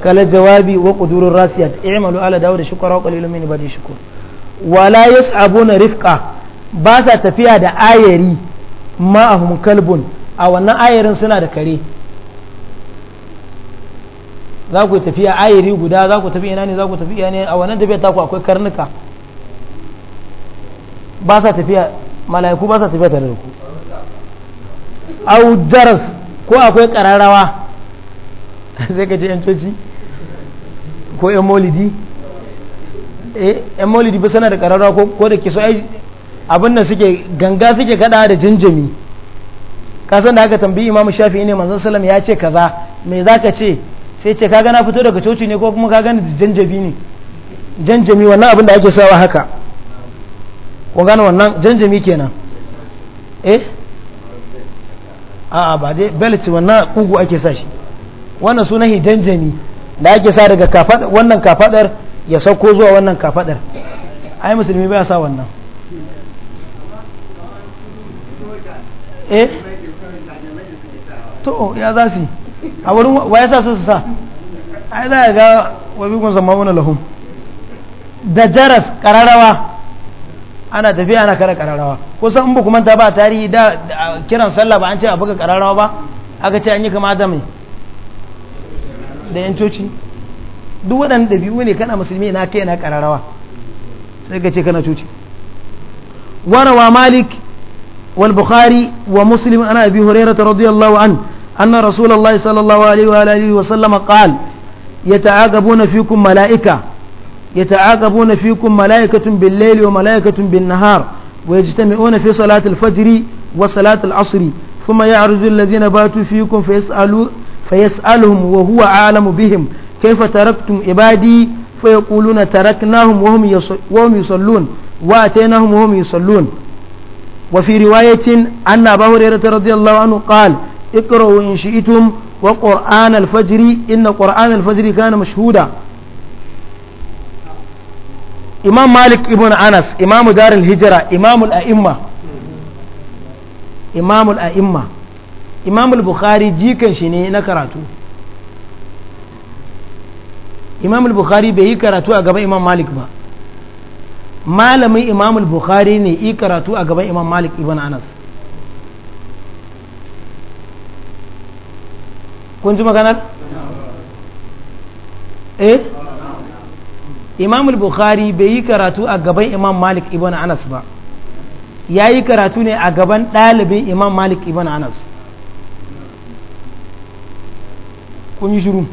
kala jawabi wa qudurur rasiyat i'malu ala dawud shukra wa qalilun min ibadi shukur wala yas'abuna rifqa ba sa tafiya da ayari ma'ahum kalbun a wannan ayarin suna da kare za ku tafiya ayiri guda za ku tafi ina ne za ku tafi ne a wannan tafiyar taku akwai karnuka ba sa tafiya mala'iku ba sa tafiya tare da ku au ko akwai kararrawa *laughs* sai ka ce yan coci ko yan molidi eh yan molidi ba sana da kararrawa ko da ke so ai abin da suke ganga suke kada da jinjimi kasan da aka tambayi imamu shafi'i ne manzon salam ya ce kaza me zaka ce sai ce kaga na fito daga coci ne ko kuma kaga ni janjabi ne janjami wannan abin da ake sawa haka ko gane wannan janjami kenan eh a'a ba dai belt wannan kugu ake sa shi wannan sunan janjami da ake sa daga kafad wannan kafadar ya sauko zuwa wannan kafadar ai musulmi ba ya sa wannan eh to ya za su a wurin wa sa su sa ai za ga wa bikum zamamuna lahum da jaras kararrawa ana tafiya ana kara kararrawa kusan in ba kuma ta ba tarihi da kiran sallah ba an ce a buga kararrawa ba aka ce an yi kama da mai da yancoci duk waɗanda ɗabi'u ne kana musulmi na kai na kararrawa sai ka ce kana coci. warawa malik wal bukhari wa muslim ana abi hurairah radiyallahu an أن رسول الله صلى الله عليه وآله وسلم قال يتعاقبون فيكم ملائكة يتعاقبون فيكم ملائكة بالليل وملائكة بالنهار ويجتمعون في صلاة الفجر وصلاة العصر ثم يعرج الذين باتوا فيكم فيسألوا فيسألهم وهو عالم بهم كيف تركتم عبادي فيقولون تركناهم وهم وهم يصلون وأتيناهم وهم يصلون وفي رواية أن أبا هريرة رضي الله عنه قال اقرأوا إن شئتم وقرآن الفجر إن قرآن الفجر كان مشهودا إمام مالك ابن أنس إمام دار الهجرة إمام الأئمة إمام الأئمة إمام البخاري جيكا شيني نكراتو إمام البخاري بهي كراتو أقبى إمام مالك با ما لم إمام البخاري i karatu a gaban imam malik ibn anas kun ji maganar eh imam bukhari bai yi karatu a gaban imam malik ibn anas ba ya yi karatu ne a gaban ɗalibin imam malik ibn anas kun yi shiru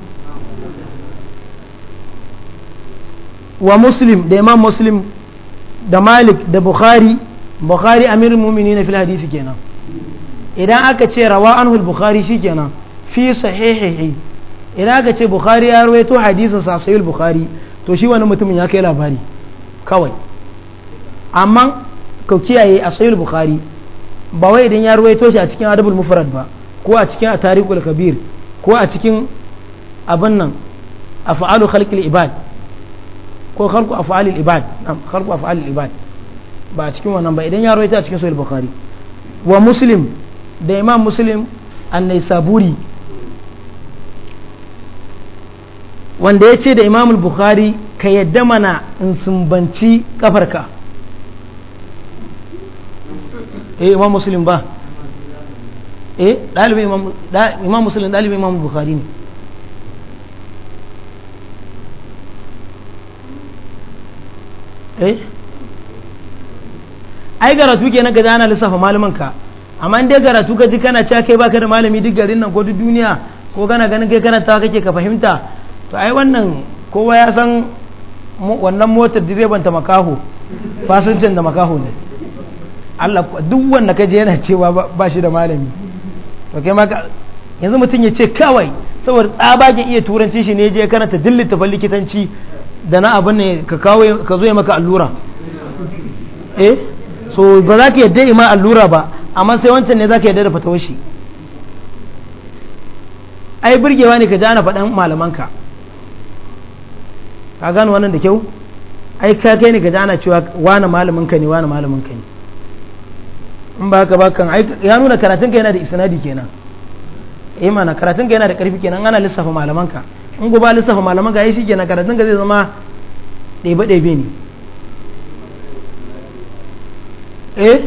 wa muslim da imam muslim da malik da bukhari bukhari amirin mumini na fil hadisi kenan idan aka ce rawa anhu bukhari shi kenan fi sahihihi ina ka ce bukhari ya rawaito hadisin sa sahih bukhari to shi wani mutumin ya kai labari kawai amma ka kiyaye a sahih bukhari ba wai idan ya rawaito shi a cikin adabul mufrad ba ko a cikin tarikul kabir ko a cikin abin nan af'alu khalqil ibad ko khalqu af'alil ibad am khalqu af'alil ibad ba a cikin wannan ba idan ya rawaito a cikin sahih bukhari wa muslim da imam muslim annai saburi wanda ya ce da imam bukhari ka yadda mana in sumbanci kafarka eh imam muslim ba eh imam muslim ɗalibin imam bukhari ne eh ai garatu kenan ka ana lissafa malaman ka amma in dai garatu ka ji kana cakai kai baka da malami duk garin nan ko duk duniya ko kana ganin kai kana ta kake ka fahimta to ai wannan kowa ya san wannan motar direban ta makaho fasincin da makaho ne Allah duk wanda ka je yana cewa ba shi da malami to kai ma yanzu mutum ya ce kawai saboda tsabagen iya turanci shi ne je karanta duk littafin likitanci da na abin ne ka kawo ka zo maka allura eh so ba za ka yadda ima allura ba amma sai wancan ne za ka yadda da fatawar shi ai burgewa ne ka ji ana faɗan malamanka ka gano wannan da kyau ai ka kai ne ka ji ana cewa wani malamin ka ne wani malamin ka ne in ba ka ba kan ya nuna karatun ka yana da isnadi kenan eh mana karatun ka yana da karfi kenan ana lissafa malaman ka in gobe lissafa malaman ka ai shi kenan karatun ka zai zama ɗebe ɗebe ne eh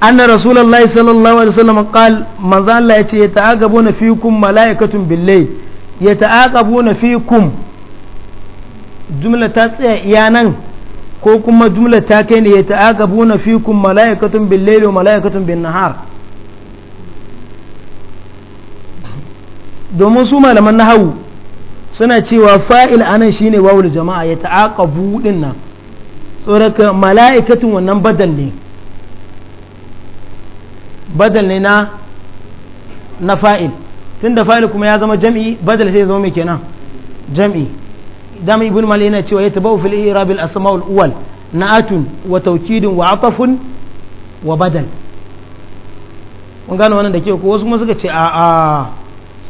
anna rasulullahi sallallahu alaihi wasallam qal manzo Allah yace yata'aqabuna fikum malaikatun billahi yata'aqabuna fikum jumla ta tsaya iya nan ko kuma jumla ta kai ne yata'aqabuna fikum malaikatun billahi wa malaikatun bin nahar domin su malaman nahawu suna cewa fa'il anan shine wawul jama'a yata'aqabu din nan tsoraka mala'ikatun wannan badal ne badal ne na na fa'il tun da fa'il kuma ya zama jam'i badal sai ya zama mai kenan jam'i dama ibn mali yana cewa ya taba fil i'rab al asma' al awal na'atun wa tawkidun wa atafun wa badal kun gano wannan da ke ko wasu kuma suka ce a a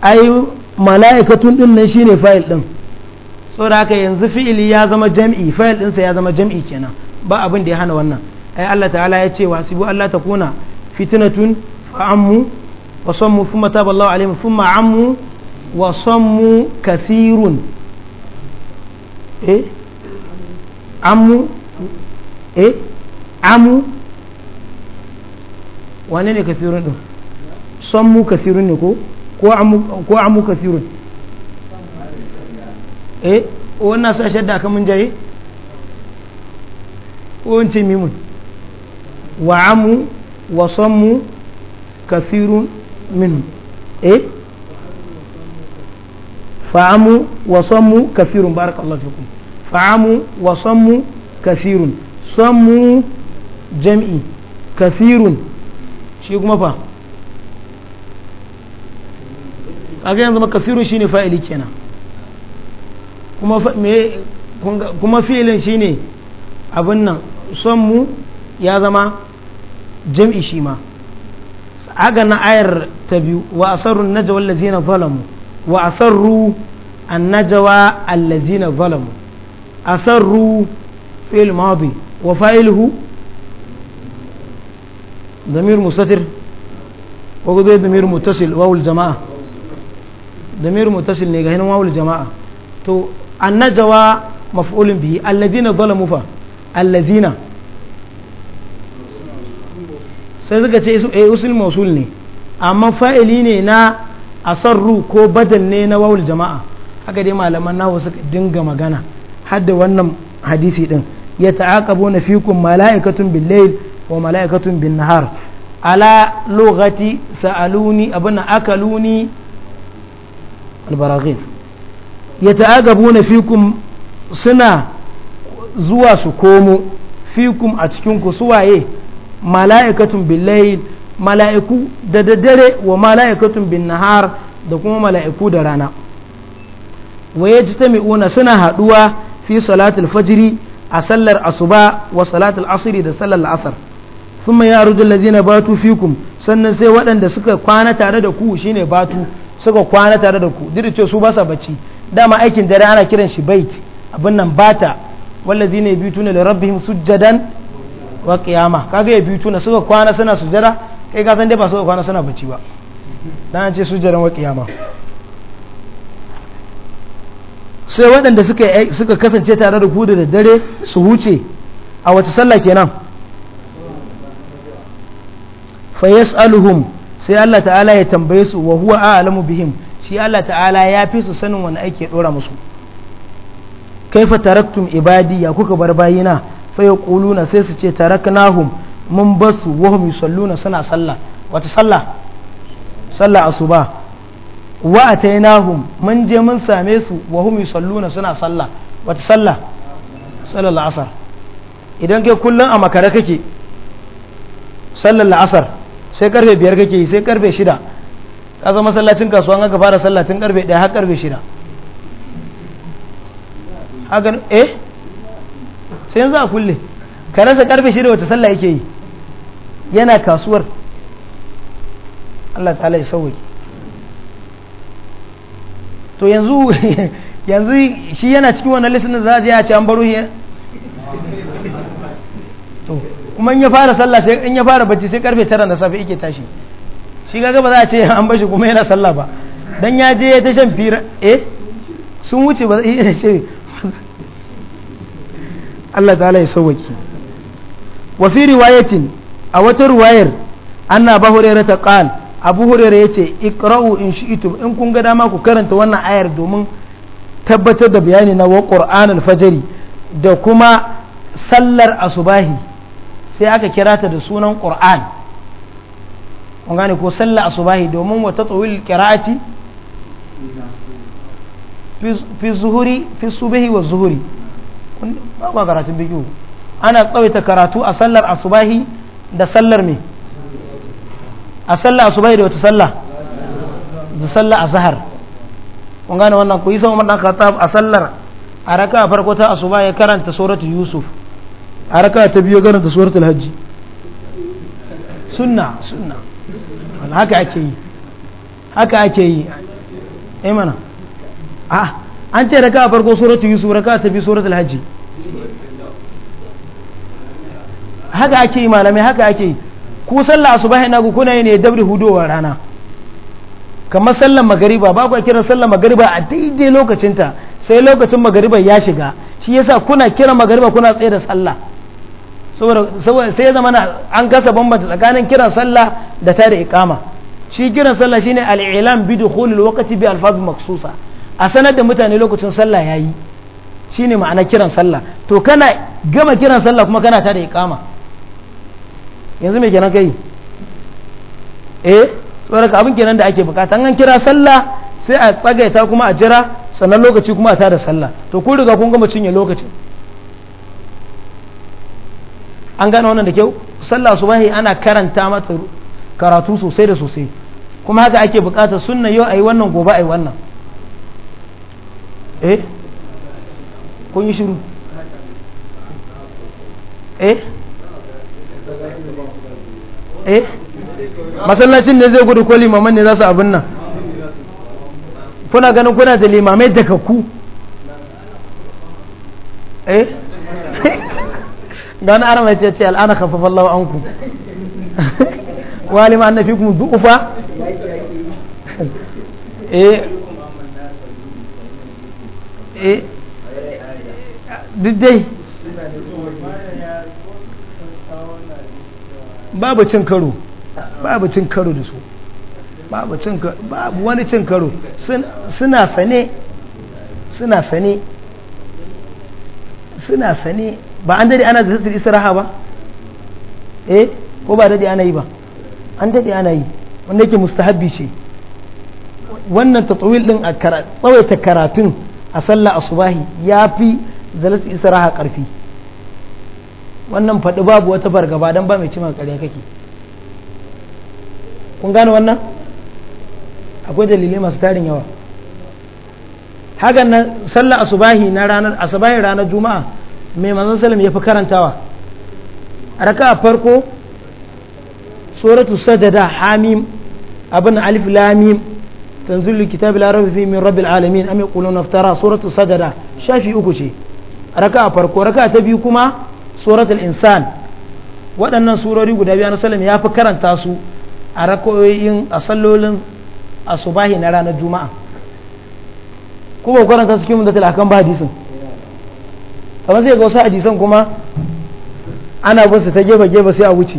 ai mala'ikatun din nan shine fa'il din saboda haka yanzu fi'ili ya zama jam'i fa'il ɗinsa ya zama jam'i kenan ba abin da ya hana wannan ai Allah ta'ala ya ce wasibu Allah ta kuna fitinatun fa'ammu wa sammu thumma taba Allahu alaihim thumma ammu wa sammu kathirun eh ammu eh amu wane ne kathirun din sammu kathirun ne ko ko amu ko amu kathirun eh wannan sa shadda kan mun jaye ko wance mimun wa amu وصم كثير منهم إيه فعموا وصموا كثير بارك الله فيكم فعموا وصموا كثير صموا جمع كثير شيء كما فا kaga كثير makasirun shine fa'ili kenan kuma me kuma fi'ilin shine abin nan son mu ya zama jam'i shi ma na ayar ta biyu wa asarru najawa allazina zalamu wa asarru annajawa allazina zalamu asarru fi'il madi wa fa'iluhu ضمير مستتر وقضي ضمير متصل واو الجماعة ضمير متصل نيجا هنا واو الجماعة تو النجوى مفعول به الذين ظلموا فالذين sai suka ce eh usul mausul ne amma fa'ili ne na asarru ko badal ne na wawul jama'a haka dai malaman nahu suka dinga magana har da wannan hadisi din ya ta'aqabu na fikum mala'ikatun bil layl wa mala'ikatun bin nahar ala lughati sa'aluni abana akaluni albaraghis ya ta'aqabu na fikum suna zuwa su komo fikum a cikin ku suwaye mala'ikatun billahi mala'iku da daddare wa mala'ikatun bin nahar da kuma mala'iku da rana Waye ya ji suna haɗuwa fi salatul fajiri a sallar asuba wa salatul asiri da sallar asar sun ya rudu lazina batu fikum sannan sai waɗanda suka kwana tare da ku shine batu suka kwana tare da ku duk ce su ba sa bacci dama aikin dare ana kiran shi bait abin nan bata wallazina yabituna li rabbihim sujjadan wa kiyama kaga ya biyu tuna suka kwana suna sujada kai ka san dai ba suka kwana suna bacci ba dan an ce sujadan wa kiyama sai waɗanda suka suka kasance tare da ku da dare su huce a wace sallah kenan fa yas'aluhum sai Allah ta'ala ya tambaye su wa huwa a'lamu bihim shi Allah ta'ala ya fi su sanin wani aiki ya dora musu kaifa taraktum ibadi ya kuka bar bayina fa Kuluna sai su ce taraknahum mun basu wahum hum yusalluna suna sallah wata sallah sallah asuba wa atainahum mun je mun same su wahum hum yusalluna suna sallah wata sallah sallar la'asar idan kai kullum a makare kake sallar la'asar sai karfe biyar kake yi sai karfe shida ka zama sallacin kasuwa an ka fara tun karfe daya har karfe shida hakan eh sai yanzu a kulle ka rasa karfe shida wata sallah yake yi yana kasuwar Allah ta'ala ya sauwaki to yanzu *laughs* yanzu shi yana cikin wannan listenin za a je a ce an baro shi to kuma in ya fara sallah sai in ya fara bacci sai karfe tara na safe yake tashi shi ga ba za a ce an bashi kuma yana sallah ba dan ya je ya ta shan fira eh sun wuce ba zai ce Allah ta'ala ya sauwaki wa fi riwayatin a wata ruwayar an na ba hurera ta qal abu hurera ya ce ikra'u in shi shi'tum in kun ga dama ku karanta wannan ayar domin tabbatar da bayani na wa qur'anul fajri da kuma sallar asubahi sai aka kira ta da sunan qur'an kun gane ko sallar asubahi domin wa tatawil qira'ati fi zuhuri fi subhi wa zuhuri ba ba karatun bigiyu ana tsawaita karatu a sallar asubahi da sallar me a sallar asubahi da wata sallah da sallar azhar kun gane wannan ku yi sama dan khattab a sallar a raka farko ta asuba ya karanta suratu yusuf a raka ta biyu karanta suratul hajji sunna sunna haka ake yi haka ake yi eh mana ah an ce raka a farko suratu yusu raka ta bi suratul hajji haka ake yi malamai haka ake yi ku sallah asubahi na ku kuna ne dabri hudowar rana kamar sallar magariba ba ku kira sallar magariba a daidai lokacinta sai lokacin magariba ya shiga shi yasa kuna kira magariba kuna tsaye da sallah saboda sai zama na an kasa bambanta tsakanin kiran sallah da ta da ikama shi kiran sallah shine al'ilam bi dukhulil waqti bi alfaz maksusa a sanar da mutane lokacin sallah ya shi shine ma'ana kiran sallah to kana gama kiran sallah kuma kana tada iqama yanzu me kenan kai eh tsoraka abin kenan da ake bukata an kira sallah sai a tsagaita kuma a jira sannan lokaci kuma a tada sallah to kun riga kun gama cinye lokacin an gane wannan da kyau sallah subahi ana karanta mata karatu sosai da sosai kuma haka ake bukata sunna yau ayi wannan gobe ayi wannan eh kun yi shiru eh eh masallacin ne zai gudu ko limaman ne za su abin nan kuna ganin kuna da limamai daga ku eh da wani arama ce ce al'ana kafafan lawa *laughs* wa ku an na fi kuma du'ufa *laughs* eh eh dai babu cin karo babu cin karo da su babu cin karo babu wani cin karo suna sane suna sane suna sane ba an dade ana da sassan isra'a ba eh ko ba dade ana yi ba an dade ana yi wanda yake mustahabbi ce wannan tatawil din a tsawaita karatun a sallah asubahi ya fi zalatul israha karfi wannan faɗi babu wata fargaba don ba mai cimar ƙarya kake kun gane wannan akwai dalilai masu tarin yawa hakan nan sallah asubahi na ranar asubahi ranar juma'a mai manzon salam ya fi karantawa raka a farko suratu sajada hamim abin alif lamim tanzilu kitabil arabi fi min rabbil alamin am yaquluna iftara suratu sajada shafi uku ce raka'a farko raka ta biyu kuma suratul insan waɗannan surori guda biyu alaihi wasallam ya fi karanta su a rakoyin a sallolin asubahi na ranar juma'a ko ba karanta su kimin da talakan ba hadisin kamar sai ga wasu hadisan kuma ana bin su ta gefe gefe sai a wuce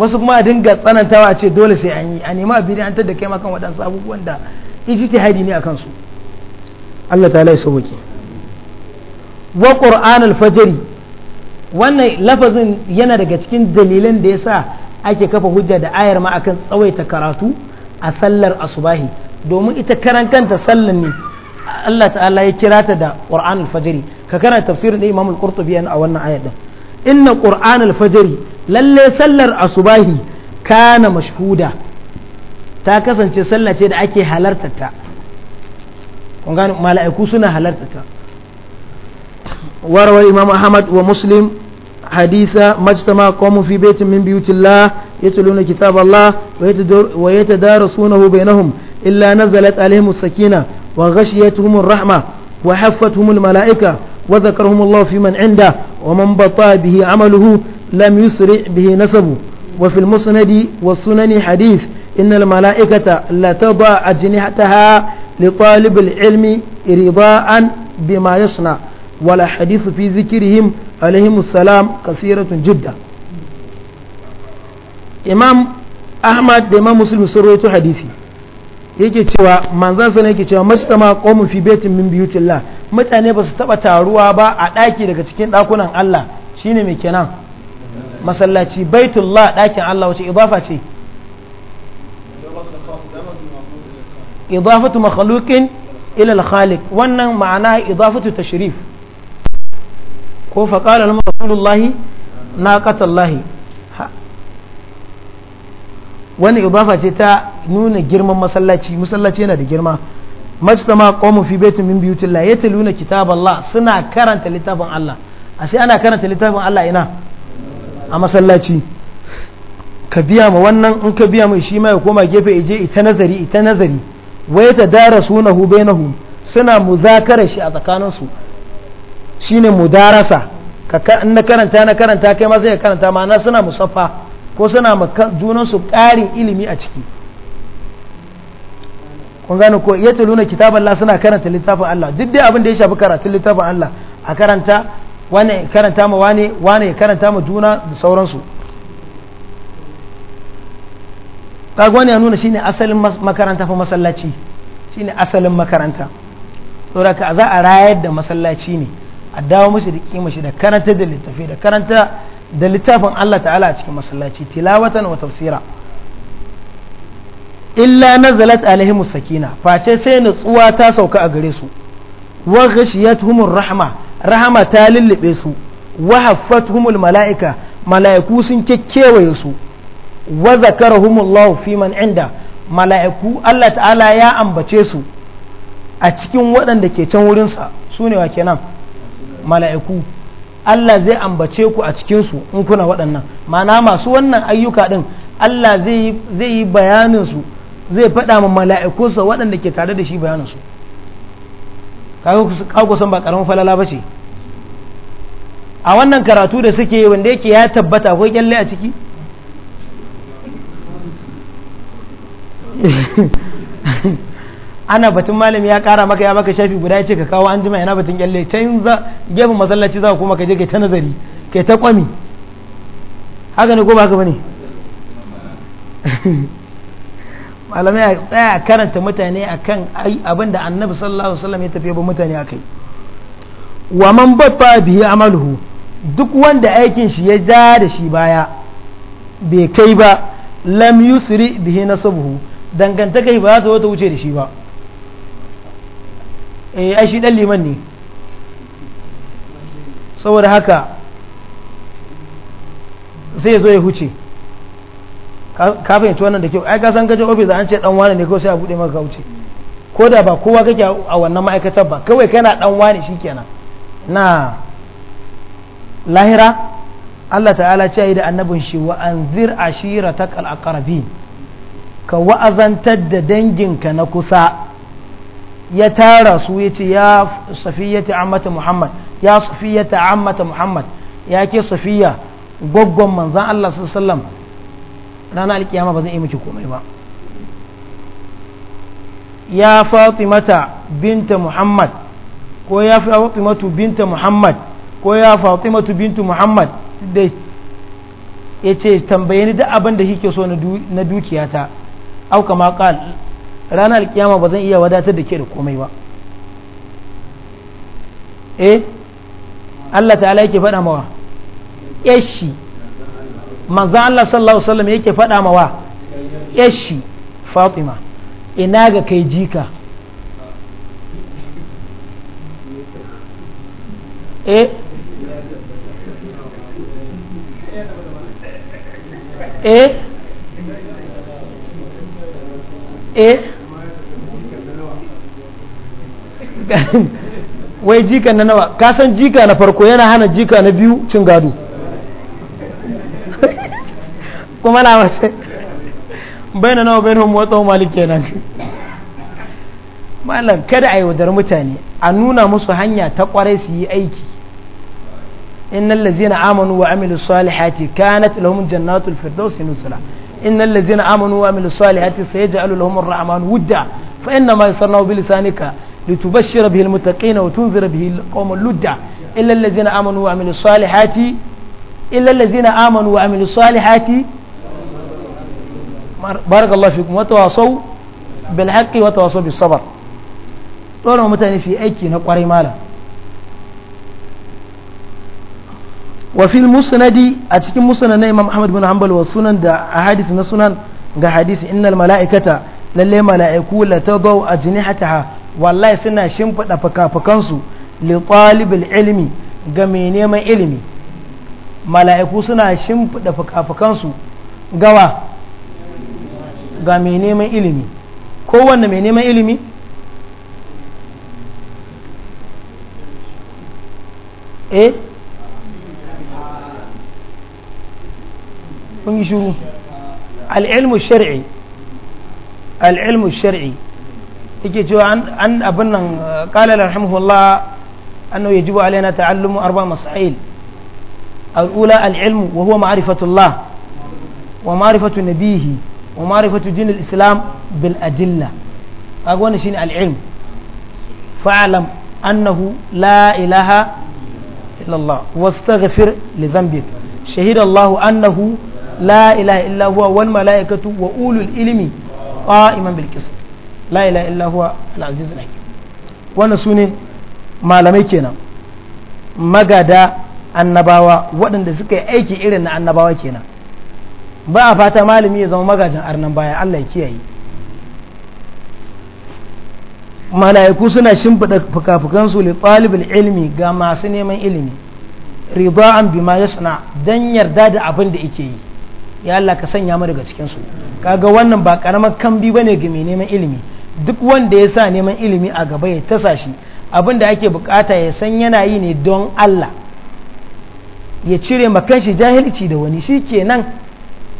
wasu kuma a dinga tsanantawa ce dole sai an yi a nema biri an tada kai makan waɗansu abubuwan da ijtihadi ne a kansu Allah ta ya wuki wa qur'an alfajari wannan lafazin yana daga cikin dalilan da ya sa ake kafa hujja da ayar ma akan tsawaita karatu a sallar asubahi domin ita karan kanta sallar ne Allah ta'ala ya kira ta da qur'an fajari ka karanta tafsirin da Imam al-Qurtubi a wannan ayar ɗin. inna qur'an al lallai lalle sallar asubahi kana mashhuda ta kasance sallah ce da ake halartata ta kun gane mala'iku suna halartar warwar imam ahmad wa muslim hadisa majtama qawmun fi baitin min buyutillah yatluna kitaballah wa yatadarasunahu bainahum illa nazalat alaihim as-sakina wa ghashiyatuhum ar-rahma wa haffathum al-mala'ika وذكرهم الله في من عنده ومن بطى به عمله لم يسرع به نسبه وفي المسند والسنن حديث إن الملائكة لتضع أجنحتها لطالب العلم رضاء بما يصنع ولا حديث في ذكرهم عليهم السلام كثيرة جدا إمام أحمد إمام مسلم سرويته حديثي yake cewa manzansa ne yake cewa mastama qawmun fi baitin min biyutillah mutane ba su taba taruwa ba a ɗaki daga cikin ɗakunan Allah shine mai kenan masallaci baitullah ɗakin Allah wace idafa ce idafatu makhluqin ila al-khaliq wannan ma'ana idafatu tashrif ko fa qala rasulullahi naqatallahi wani idafa ce ta nuna girman masallaci masallaci yana da girma majtama qawmu fi baitin min buyutillah yatluna kitaballah suna karanta littafin Allah ashe ana karanta littafin Allah ina a masallaci ka biya ma wannan in ka biya mai shi ma ya koma gefe ije ita nazari ita nazari wa ta dara sunahu bainahu suna muzakara shi a tsakanin su shine mudarasa ka in na karanta na karanta kai ma zai karanta ma na suna musaffa ko suna junan su ƙarin ilimi a ciki kun gano ko iya taluna kitabun Allah suna karanta littafin Allah duk dai abin da ya shafi karatu littafin Allah a karanta wane karanta ma wane wane ya karanta ma juna da sauransu kaga wani ya nuna shine asalin makaranta fa masallaci shine asalin makaranta saboda ka za a rayar da masallaci ne a dawo mashi da kima shi da karanta da littafi da karanta da littafin Allah ta'ala a cikin masallaci tilawatan wa tafsira illa nazalat alaihim sakina face sai nutsuwa ta sauka a gare su wa ghashiyatuhumur rahma rahama ta lullube su wa humul mala'ika mala'iku sun kekkewaye su wa zakarahumullahu fi man inda mala'iku Allah ta'ala ya ambace su a cikin waɗanda ke can wurinsa su ne wa kenan mala'iku Allah zai ambace ku a cikin su in kuna waɗannan ma'ana masu wannan ayyuka din, Allah zai yi bayanin su. zai faɗa ma mala'ikunsa waɗanda ke tare da shi bayaninsu kawo san ba ƙaramin falala ba ce a wannan karatu da suke wanda yake ya tabbata akwai kyalle a ciki *laughs* ana batun malami ya kara maka ya maka shafi guda ya ce ka kawo an jima yana batun kyalle can gefen masallaci za kuma ka je kai ta nazari kai ta kwami haka ne ko ba haka ba ne *laughs* malamai a tsaya karanta mutane a kan abin da annabi sallallahu alaihi ya tafi ba mutane a kai wa man batta bihi amaluhu duk wanda aikin shi ya ja da shi baya bai kai ba lam yusri bihi nasabuhu dangantaka ba za ta wuce da shi ba eh ai shi dan liman ne saboda haka sai zo ya huce ka fahimci nan da kyau ai ka san gaje ofis an ce dan wani ne ko sai a bude maka kauce ko da ba kowa kake a wannan ma'aikatar ba kawai kana dan wani shikenan na lahira Allah ta'ala ce yi da annabin shi wa anzir ashiratak al-aqrabin ka wa'azantar da danginka na kusa ya tara su ya ce ya safiyyata ammata muhammad ya safiyyata ammata muhammad ya ke safiya gwaggon manzan Allah sallallahu alaihi wasallam ranar alkiyama ba zan yi miki komai ba ya fatimata binta muhammad ko ya fatimatu binta muhammad ko ya fatimatu binta muhammad da ya ce tambaye ni duk abin da kike so na dukiyata au kama kal ranar alkiyama ba zan iya wadatar da ke da komai ba eh Allah ta'ala yake faɗa mawa yashi manzo Allah sallallahu alaihi wasallam yake faɗa wa yashi Fatima ina ga kai jika eh eh eh *laughs* wai jika na nawa kasan jika na farko yana hana jika na biyu cin gado kuma na wace bayan nawa bayan homo tsawon malik kenan malam kada a yaudar mutane a nuna musu hanya ta kwarai su yi aiki innal ladzina amanu wa amilu salihati kanat lahum jannatul firdaus nuzula innal ladzina amanu wa amilu salihati sayaj'alu lahum ar-rahman wudda fa inna ma yasarnahu bi lisanika litubashshira bihi al-muttaqina wa tunzira bihi al-qawma ludda illa alladhina amanu wa amilu salihati illal ladzina amanu wa amilus salihati barakallahu fikum wa tawasaw bil haqqi wa tawasaw bis sabr dole mutane su aiki na kwarai malam wa fil a cikin musnad na imam ahmad bin hanbal wa sunan da ahadith na sunan ga hadisi innal mala'ikata lalle mala'iku la tadaw ajnihataha wallahi suna shimfida fuka-fukansu li talibil ilmi ga mai neman ilimi mala'iku suna shimfiɗa fuka-fukansu gawa ga mai neman ilimi kowanne mai neman ilimi eh kun yi shuru al'ilmu shari'i al'ilmu shari'i yake cewa an abin nan ƙalar rahimahullah annahu yajibu alaina ta'allumu arba masail الأولى العلم وهو معرفة الله ومعرفة نبيه ومعرفة دين الإسلام بالأدلة أقول شين العلم فاعلم أنه لا إله إلا الله واستغفر لذنبك شهد الله أنه لا إله إلا هو والملائكة وأولو العلم قائما بالقسط لا إله إلا هو العزيز الحكيم وأنا سوني ما لم يكن مجد annabawa waɗanda suka yi aiki irin na annabawa kenan ba a fata malami ya zama magajin arnan baya Allah ya kiyaye mala'iku suna shimfiɗa fuka su li ɗalibul ilmi ga masu neman ilimi rida'an bima yasna dan yarda da abin da yake yi ya Allah ka sanya mu daga cikin su kaga wannan ba karamar kambi bane ga mai neman ilimi duk wanda ya sa neman ilimi a gaba ya tasa shi abin da ake bukata ya san yana yi ne don Allah ya cire makanshi jahilci da wani shi ke nan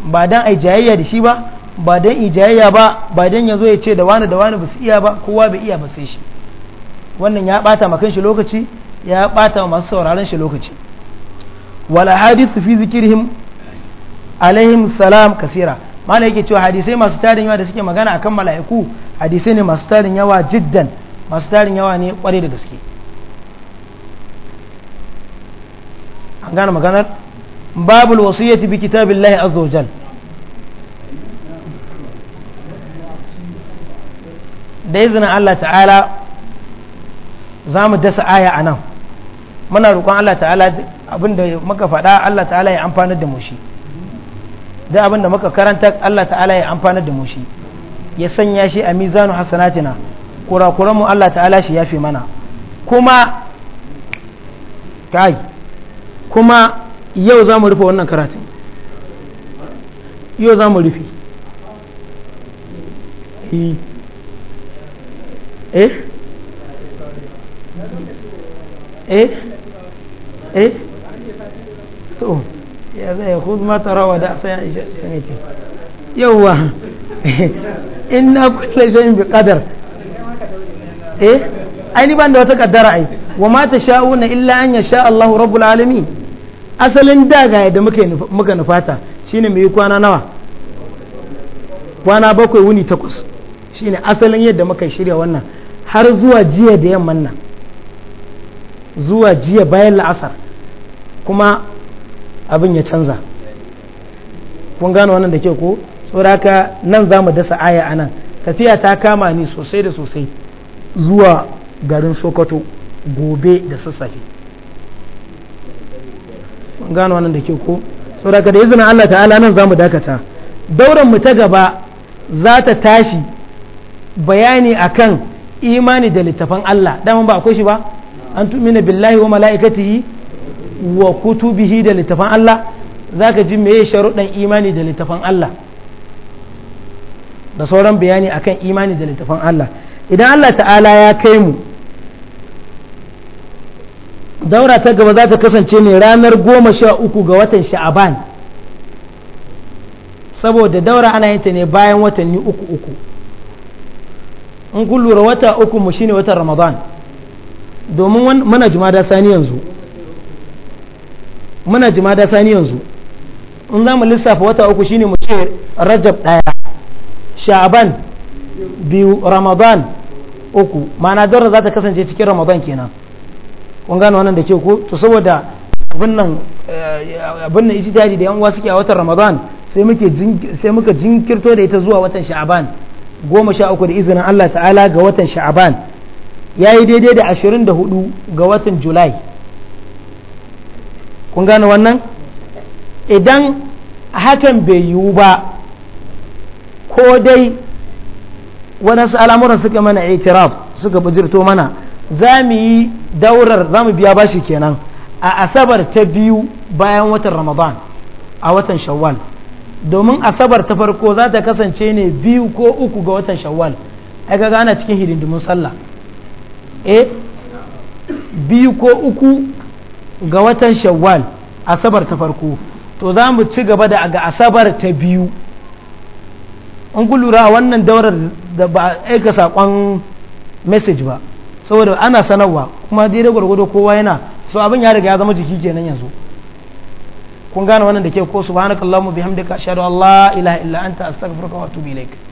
ba dan a jayayya da shi ba ba dan yi jayayya ba ba dan ya zo ya ce da wani da wani ba su iya ba kowa bai iya ba sai shi wannan ya bata makanshi lokaci ya bata masu sauraron shi lokaci wala hadisu fi zikirhim alaihim salam kafira mana yake cewa hadisai masu tarin yawa da suke magana akan mala'iku hadisai ne masu tarin yawa jiddan masu tarin yawa ne kwarai da gaske gane maganar babul wasiyyati bi kitabillahi a zojan da izinin Allah ta'ala za mu dasa aya a nan muna rukun Allah ta'ala abinda muka faɗa Allah ta'ala ya amfana da mu shi da abinda muka karanta Allah ta'ala ya amfana da mu shi ya sanya shi a mizanu hasanatina kurakuranmu Allah ta'ala shi ya fi mana kuma kai kuma yau za mu rufe wannan karatun yau za mu rufe eh eh eh, eh? to ya zai hudu mata da asan ya sanike yauwa *laughs* in kusa shayin bi kadar eh ainihin ban da wata kaddara ai wa ma ta sha'una illa an ya sha Allahu rabbul alamin asalin daga yadda muka nufata ne mai kwana nawa kwana bakwai wuni takwas shi ne asalin yadda muka shirya wannan har zuwa jiya da yamman nan zuwa jiya bayan la'asar kuma abin ya canza kun gano wannan da ke ko tsoraka nan za mu dasa aya a nan tafiya ta kama ni sosai da sosai zuwa garin sokoto gobe da sassafe gano wannan da ke ko saboda da izinin Allah ta'ala nan zamu dakata dauran mu ta gaba za ta tashi bayani akan imani da littafan Allah daman ba akwai shi ba an tumina billahi wa yi wa kutubihi da littafan Allah zaka ji meye sharuɗan imani da littafan Allah da sauran bayani akan imani da littafan Allah idan Allah ta'ala ya kai mu daura ta gaba za ta kasance ne ranar goma sha uku ga watan sha'aban saboda daura ana yin ta ne bayan watanni uku uku in kun lura wata uku mu shine watan ramadan domin muna jumada sani yanzu muna jumada sani yanzu in za mu lissafa wata uku shine mu ce rajab daya sha'aban biyu ramadan uku ma'ana daura za ta kasance cikin ramadan kenan kun gano wannan da ke ko to saboda abin nan eh, abin nan ijtihadi da yan uwa suke a watan ramadan sai muke sai muka jinkirto da ita zuwa watan sha'aban goma sha uku da izinin Allah ta'ala ga watan sha'aban yayi daidai da 24 ga watan julai kun gano wannan idan hakan bai yiwu ba ko dai waɗansu al'amuran suka mana itiraf suka bujirto mana za mu yi daurar za mu biya bashi kenan a asabar ta biyu bayan watan ramadan a watan shawwal domin asabar ta farko za ta kasance ne biyu ko uku ga watan shawwal ai ga ana cikin hidindimun sallah eh biyu ko uku ga watan shawwal asabar ta farko to za mu ci gaba da ga asabar ta biyu an lura wannan daurar da ba aika saƙon message ba saboda ana sanarwa kuma daidai gwargwado kowa yana so abin ya riga ya zama jiki kenan yanzu kun gane wannan da ke ko subhanakallahumma bihamdika ashhadu an la ilaha illa anta astaghfiruka wa atubu ilaik